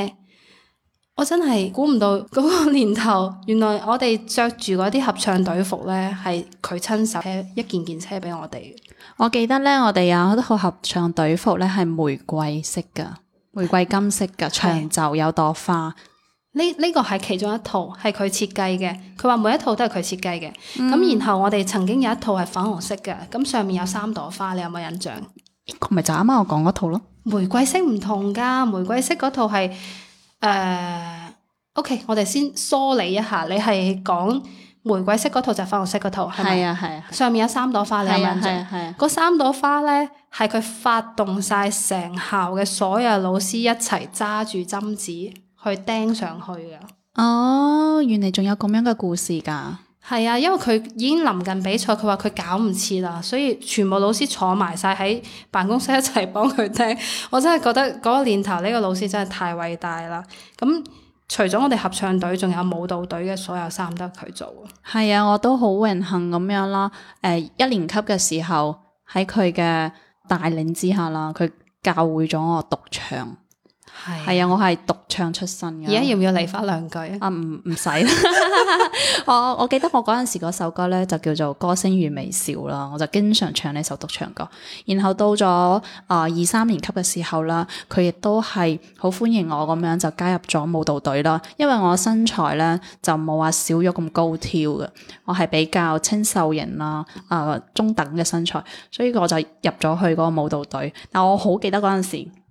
我真係估唔到嗰個年頭，原來我哋着住嗰啲合唱隊服咧，係佢親手喺一件件車俾我哋。我記得咧，我哋有一套合唱隊服咧，係玫瑰色嘅，玫瑰金色嘅，是長袖有朵花。呢呢、呢個係其中一套，係佢設計嘅。佢話每一套都係佢設計嘅。咁、嗯、然後我哋曾經有一套係粉紅色嘅，咁上面有三朵花，你有冇印象？唔係就啱啱我講嗰套咯，玫瑰色唔同噶，玫瑰色嗰套係誒，OK，我哋先梳理一下，你係講玫瑰色嗰套就粉紅色嗰套，係咪？係啊係啊。啊啊上面有三朵花，你有印象？係啊嗰、啊、三朵花咧，係佢發動晒成校嘅所有老師一齊揸住針子去釘上去㗎。哦，原嚟仲有咁樣嘅故事㗎。係啊，因為佢已經臨近比賽，佢話佢搞唔切啦，所以全部老師坐埋晒喺辦公室一齊幫佢聽。我真係覺得嗰個年頭呢個老師真係太偉大啦！咁除咗我哋合唱隊，仲有舞蹈隊嘅所有衫都係佢做。係啊，我都好榮幸咁樣啦。誒，一年級嘅時候喺佢嘅帶領之下啦，佢教會咗我獨唱。係啊，我係獨唱出身嘅。而家要唔要嚟翻兩句、嗯、啊？唔唔使啦。 <laughs> <laughs> 我我記得我嗰陣時嗰首歌咧就叫做《歌聲與微笑》啦，我就經常唱呢首獨唱歌。然後到咗啊二三年級嘅時候啦，佢亦都係好歡迎我咁樣就加入咗舞蹈隊啦。因為我身材咧就冇話少咗咁高挑嘅，我係比較清秀型啦，誒、呃、中等嘅身材，所以我就入咗去嗰個舞蹈隊。但我好記得嗰陣時。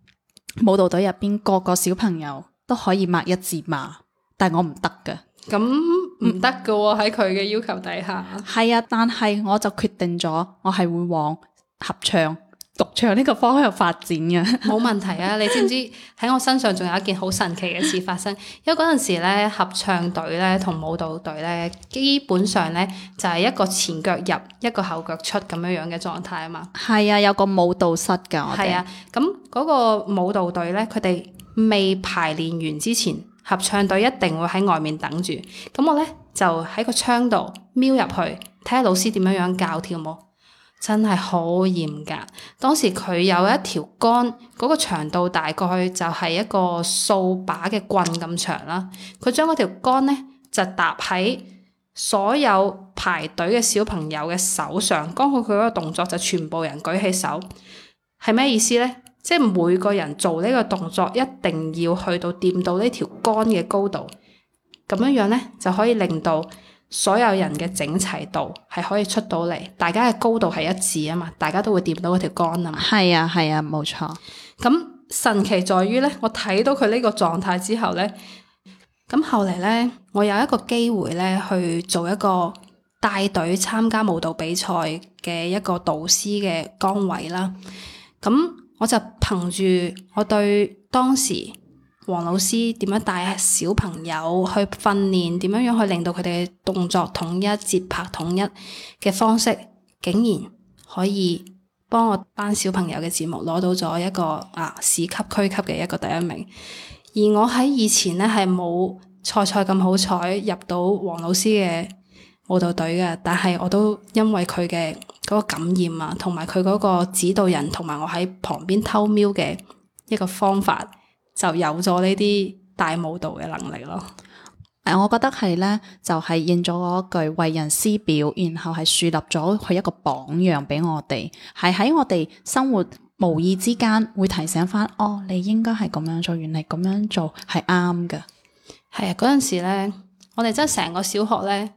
舞蹈隊入邊，個個小朋友都可以擘一字馬，但係我唔得㗎。咁唔得噶喎，喺佢嘅要求底下，係、嗯、啊，但係我就決定咗，我係會往合唱，獨唱呢個方向發展嘅，冇問題啊！你知唔知喺我身上仲有一件好神奇嘅事發生？ <laughs> 因為嗰陣時呢，合唱隊呢同舞蹈隊呢，基本上呢，就係一個前腳入，一個後腳出咁樣樣嘅狀態啊嘛。係啊，有個舞蹈室㗎，我哋係啊。咁嗰個舞蹈隊呢，佢哋未排練完之前，合唱隊一定會喺外面等住。咁我呢，就喺個窗度瞄入去，睇下老師點樣樣教跳舞。真係好嚴格。當時佢有一條杆，嗰個長度大概就係一個掃把嘅棍咁長啦。佢將嗰條杆呢，就搭喺所有排隊嘅小朋友嘅手上，剛好佢嗰個動作就全部人舉起手，係咩意思呢？即係每個人做呢個動作一定要去到掂到呢條杆嘅高度，咁樣樣呢，就可以令到所有人嘅整齊度係可以出到嚟，大家嘅高度係一致啊嘛，大家都會掂到嗰條杆啊嘛。係啊係啊，冇錯。咁神奇在於咧，我睇到佢呢個狀態之後咧，咁後嚟咧，我有一個機會咧去做一個帶隊參加舞蹈比賽嘅一個導師嘅崗位啦。咁我就憑住我對當時。黃老師點樣帶小朋友去訓練，點樣樣去令到佢哋動作統一、節拍統一嘅方式，竟然可以幫我班小朋友嘅節目攞到咗一個啊市級、區級嘅一個第一名。而我喺以前呢，係冇菜菜咁好彩入到黃老師嘅舞蹈隊嘅，但係我都因為佢嘅嗰個感染啊，同埋佢嗰個指導人，同埋我喺旁邊偷瞄嘅一個方法。就有咗呢啲大舞蹈嘅能力咯。誒、呃，我覺得係咧，就係應咗嗰句為人師表，然後係樹立咗佢一個榜樣俾我哋，係喺我哋生活無意之間會提醒翻，哦，你應該係咁樣做，原來咁樣做係啱嘅。係啊，嗰陣時咧，我哋真係成個小學咧，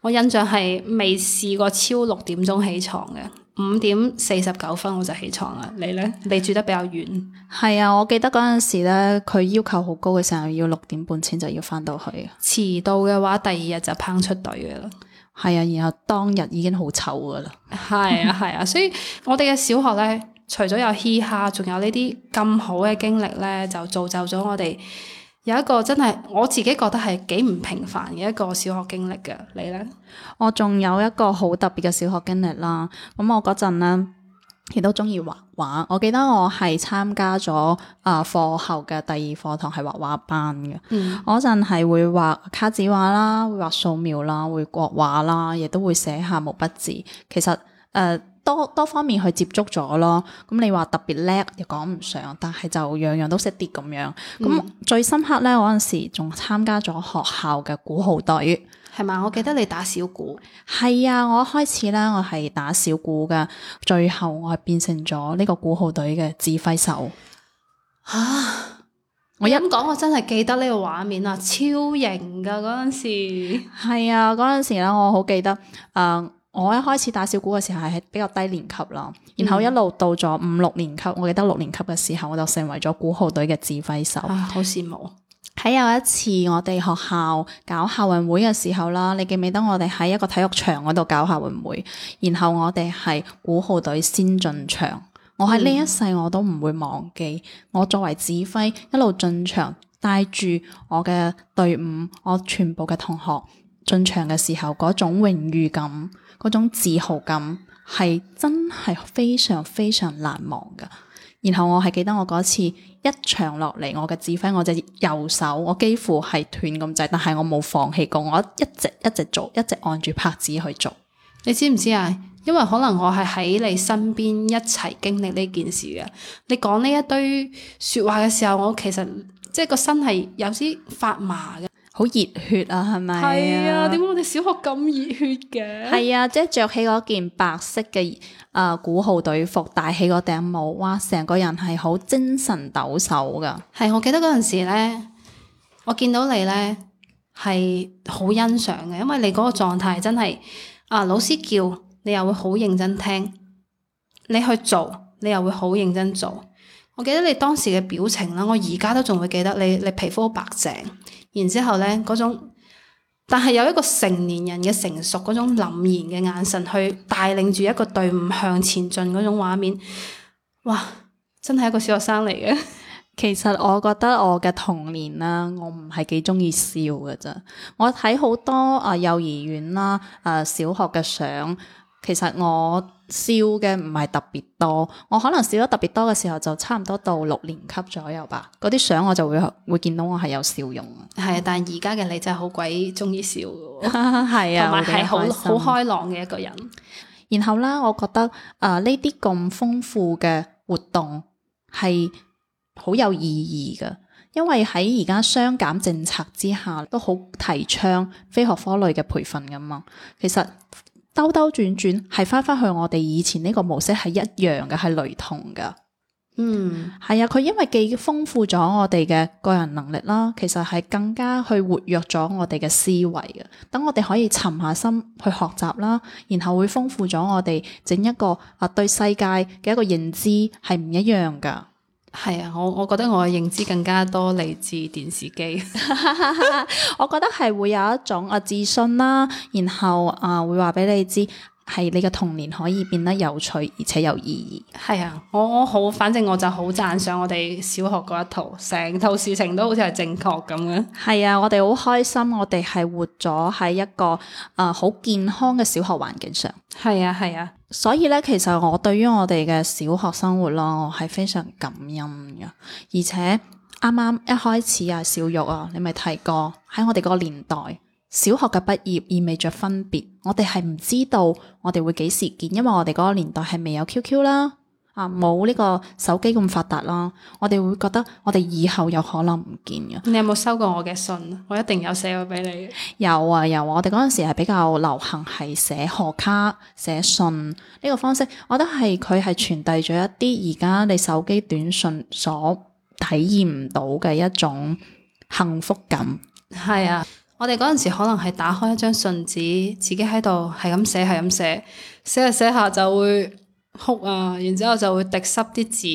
我印象係未試過超六點鐘起床嘅。五點四十九分我就起床啦，你呢？你住得比較遠。係啊，我記得嗰陣時咧，佢要求好高嘅時候，要六點半前就要翻到去。遲到嘅話，第二日就拋出隊嘅啦。係啊，然後當日已經好臭噶啦。係 <laughs> 啊係啊，所以我哋嘅小學呢，除咗有嘻哈，仲有呢啲咁好嘅經歷呢，就造就咗我哋。有一個真係我自己覺得係幾唔平凡嘅一個小學經歷嘅，你呢？我仲有一個好特別嘅小學經歷啦。咁我嗰陣呢，亦都中意畫畫。我記得我係參加咗啊、呃、課後嘅第二課堂係畫畫班嘅。嗯、我嗰陣係會畫卡紙畫啦，會畫素描啦，會國畫啦，亦都會寫下毛筆字。其實誒。呃多多方面去接觸咗咯，咁你話特別叻，又講唔上，但係就樣樣都識啲咁樣。咁、嗯、最深刻呢，我嗰陣時仲參加咗學校嘅鼓號隊，係嘛？我記得你打小鼓。係 <laughs> 啊，我一開始呢，我係打小鼓噶，最後我係變成咗呢個鼓號隊嘅指揮手。嚇 <laughs> 一、 <laughs> <laughs> 啊！我一講，我真係記得呢個畫面啊，超型噶嗰陣時。係啊，嗰陣時咧，我好記得啊。我一開始打小鼓嘅時候係比較低年級囉，嗯、然後一路到咗五六年級，我記得六年級嘅時候我就成為咗鼓號隊嘅指揮手。好羨慕！喺有一次我哋學校搞校運會嘅時候啦，你記唔記得我哋喺一個體育場嗰度搞校運會？然後我哋係鼓號隊先進場。我喺呢一世我都唔會忘記，嗯、我作為指揮一路進場，帶住我嘅隊伍，我全部嘅同學。進場嘅時候嗰種榮譽感、嗰種自豪感係真係非常非常難忘噶。然後我係記得我嗰次一場落嚟，我嘅指揮我隻右手我幾乎係斷咁滯，但係我冇放棄過，我一直一直做，一直按住拍子去做。你知唔知啊？因為可能我係喺你身邊一齊經歷呢件事嘅。你講呢一堆說話嘅時候，我其實即係個身係有啲發麻嘅。好熱血啊，係咪？係啊，點解我哋小學咁熱血嘅？係啊，即係着起嗰件白色嘅，誒、呃、鼓號隊服，戴起個頂帽，哇，成個人係好精神抖擻噶係、啊，我記得嗰陣時咧，我見到你咧係好欣賞嘅，因為你嗰個狀態真係，啊老師叫你又會好認真聽，你去做你又會好認真做。我記得你當時嘅表情啦，我而家都仲會記得你，你，你皮膚好白淨。然之後咧，嗰種，但係有一個成年人嘅成熟嗰種凜然嘅眼神去帶領住一個隊伍向前進嗰種畫面，哇！真係一個小學生嚟嘅。其實我覺得我嘅童年啦，我唔係幾中意笑㗎咋，我睇好多啊幼兒園啦，啊、呃、小學嘅相。其實我笑嘅唔係特別多，我可能笑得特別多嘅時候就差唔多到六年級左右吧。嗰啲相我就會會見到我係有笑容。係、 <laughs> 啊，但係而家嘅你真係好鬼中意笑，係啊，同埋係好好開朗嘅一個人。然後咧，我覺得啊，呢啲咁豐富嘅活動係好有意義嘅，因為喺而家雙減政策之下都好提倡非學科類嘅培訓㗎嘛。其實兜兜轉轉係翻返去我哋以前呢個模式係一樣嘅，係雷同㗎。嗯，係啊，佢因為既豐富咗我哋嘅個人能力啦，其實係更加去活躍咗我哋嘅思維嘅。等我哋可以沉下心去學習啦，然後會豐富咗我哋整一個啊對世界嘅一個認知係唔一樣㗎。係啊，我我覺得我嘅認知更加多嚟自電視機， <laughs> <laughs> <laughs> 我覺得係會有一種啊自信啦，然後啊、呃、會話俾你知，係你嘅童年可以變得有趣而且有意義。係啊，我我好，反正我就好讚賞我哋小學嗰一套，成套事情都好似係正確咁嘅。係 <laughs> 啊，我哋好開心，我哋係活咗喺一個誒好、呃、健康嘅小學環境上。係啊，係啊。所以咧，其實我對於我哋嘅小學生活咯，我係非常感恩㗎。而且啱啱一開始啊，小玉啊，你咪提過喺我哋嗰個年代，小學嘅畢業意味著分別。我哋係唔知道我哋會幾時見，因為我哋嗰個年代係未有 QQ 啦。啊，冇呢個手機咁發達咯，我哋會覺得我哋以後有可能唔見嘅。你有冇收過我嘅信？我一定有寫過俾你。有啊，有啊，我哋嗰陣時係比較流行係寫賀卡、寫信呢，這個方式。我覺得係佢係傳遞咗一啲而家你手機短信所體驗唔到嘅一種幸福感。係啊，我哋嗰陣時可能係打開一張信紙，自己喺度係咁寫，係咁寫，寫下寫下就會。哭啊，然之後就會滴濕啲字，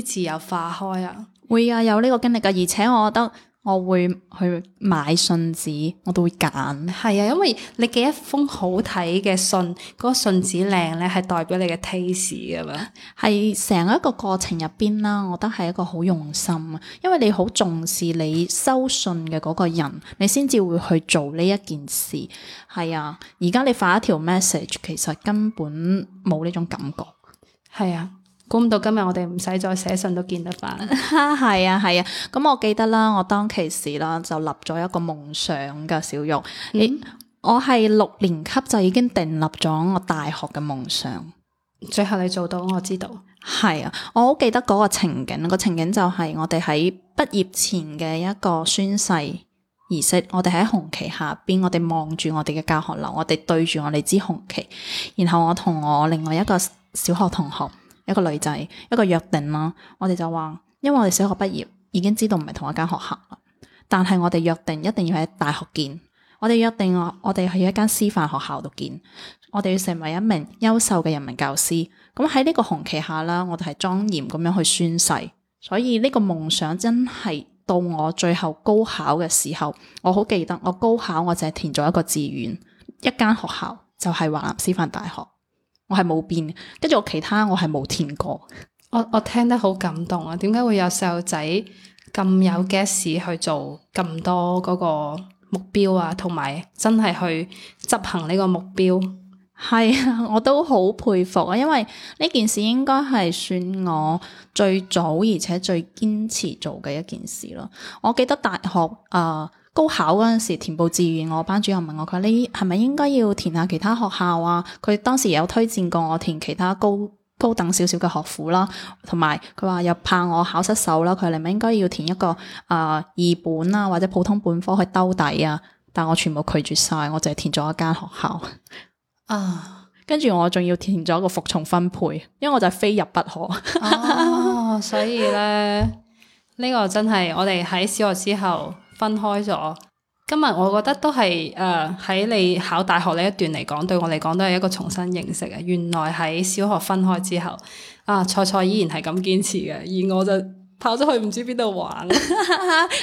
啲字又化開啊。會啊，有呢個經歷噶，而且我覺得我會去買信紙，我都會揀。係啊，因為你寄一封好睇嘅信，嗰個信紙靚咧，係代表你嘅 taste 噶嘛。係成一個過程入邊啦，我覺得係一個好用心，啊，因為你好重視你收信嘅嗰個人，你先至會去做呢一件事。係啊，而家你發一條 message，其實根本冇呢種感覺。係啊，估唔到今日我哋唔使再寫信都見得翻。哈，係啊，係啊。咁我記得啦，我當其時啦就立咗一個夢想噶，小玉、嗯欸，我係六年級就已經訂立咗我大學嘅夢想。最後你做到，我知道係啊。我好記得嗰個情景，個情景就係我哋喺畢業前嘅一個宣誓儀式，我哋喺紅旗下邊，我哋望住我哋嘅教學樓，我哋對住我哋支紅旗，然後我同我另外一個。小學同學一個女仔一個約定啦，我哋就話，因為我哋小學畢業已經知道唔係同一間學校啦，但係我哋約定一定要喺大學見，我哋約定我哋去一間師範學校度見，我哋要成為一名優秀嘅人民教師。咁喺呢個紅旗下啦，我哋係莊嚴咁樣去宣誓。所以呢個夢想真係到我最後高考嘅時候，我好記得我高考我淨係填咗一個志願，一間學校就係華南師範大學。我係冇變，跟住我其他我係冇填過。我我聽得好感動啊！點解會有細路仔咁有 gas 去做咁多嗰個目標啊？同埋真係去執行呢個目標。係 <laughs> 啊，我都好佩服啊！因為呢件事應該係算我最早而且最堅持做嘅一件事咯、啊。我記得大學誒。呃高考嗰陣時填報志願，我班主任問我，佢話：你係咪應該要填下其他學校啊？佢當時有推薦過我填其他高高等少少嘅學府啦、啊，同埋佢話又怕我考失手啦、啊，佢話你咪應該要填一個啊、呃、二本啊，或者普通本科去兜底啊。但我全部拒絕晒，我淨係填咗一間學校啊。跟住我仲要填咗一個服從分配，因為我就係非入不可。哦、所以咧呢 <laughs> 個真係我哋喺小學之後。分開咗，今日我覺得都係誒喺你考大學呢一段嚟講，對我嚟講都係一個重新認識嘅，原來喺小學分開之後，啊蔡蔡依然係咁堅持嘅，而我就跑咗去唔知邊度玩。 <laughs>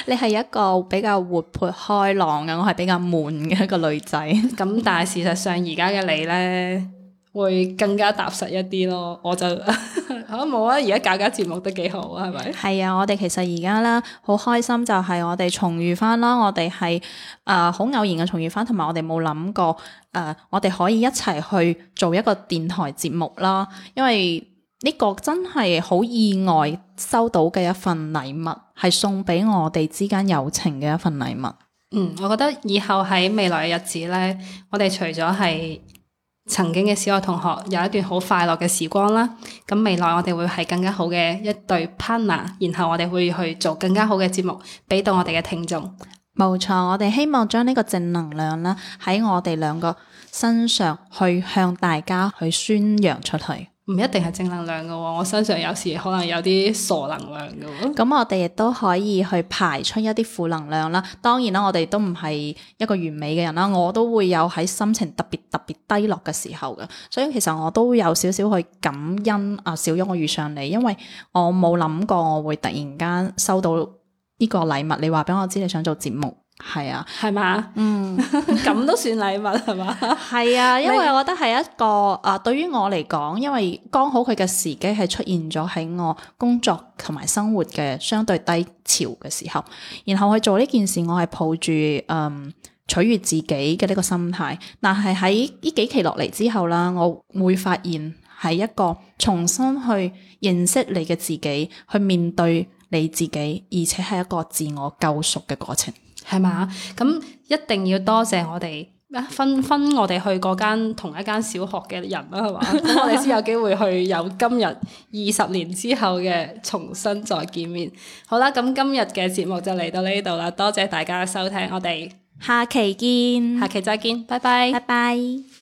你係一個比較活潑開朗嘅，我係比較悶嘅一個女仔。咁 <laughs> 但係事實上而家嘅你呢？會更加踏實一啲咯，我就吓冇 <laughs> 啊！而家搞搞節目都幾好啊，係咪？係啊，我哋其實而家啦，好開心，就係我哋重遇翻啦。我哋係啊好偶然嘅重遇翻，同埋我哋冇諗過誒、呃，我哋可以一齊去做一個電台節目啦。因為呢個真係好意外收到嘅一份禮物，係送俾我哋之間友情嘅一份禮物。嗯，我覺得以後喺未來嘅日子咧，我哋除咗係。曾經嘅小學同學有一段好快樂嘅時光啦，咁未來我哋會係更加好嘅一對 partner，然後我哋會去做更加好嘅節目，俾到我哋嘅聽眾。冇錯，我哋希望將呢個正能量啦，喺我哋兩個身上去向大家去宣揚出去。唔一定係正能量噶喎，我身上有時可能有啲傻能量噶喎。咁、嗯、我哋亦都可以去排出一啲負能量啦。當然啦，我哋都唔係一個完美嘅人啦，我都會有喺心情特別特別低落嘅時候噶。所以其實我都有少少去感恩啊，小玉我遇上你，因為我冇諗過我會突然間收到呢個禮物。你話俾我知你想做節目。係啊，係嘛吧，嗯，咁都 <laughs> 算禮物係嘛，係 <laughs> 啊，因為我覺得係一個誒、啊，對於我嚟講，因為剛好佢嘅時機係出現咗喺我工作同埋生活嘅相對低潮嘅時候，然後去做呢件事，我係抱住誒、嗯、取悅自己嘅呢個心態。但係喺呢幾期落嚟之後啦，我會發現係一個重新去認識你嘅自己，去面對你自己，而且係一個自我救贖嘅過程。係嘛？咁一定要多謝我哋分分我哋去嗰間同一間小學嘅人啦，係嘛？咁 <laughs> 我哋先有機會去有今日二十年之後嘅重新再見面。好啦，咁今日嘅節目就嚟到呢度啦，多謝大家收聽，我哋下期見，下期再見，拜拜 bye，拜拜。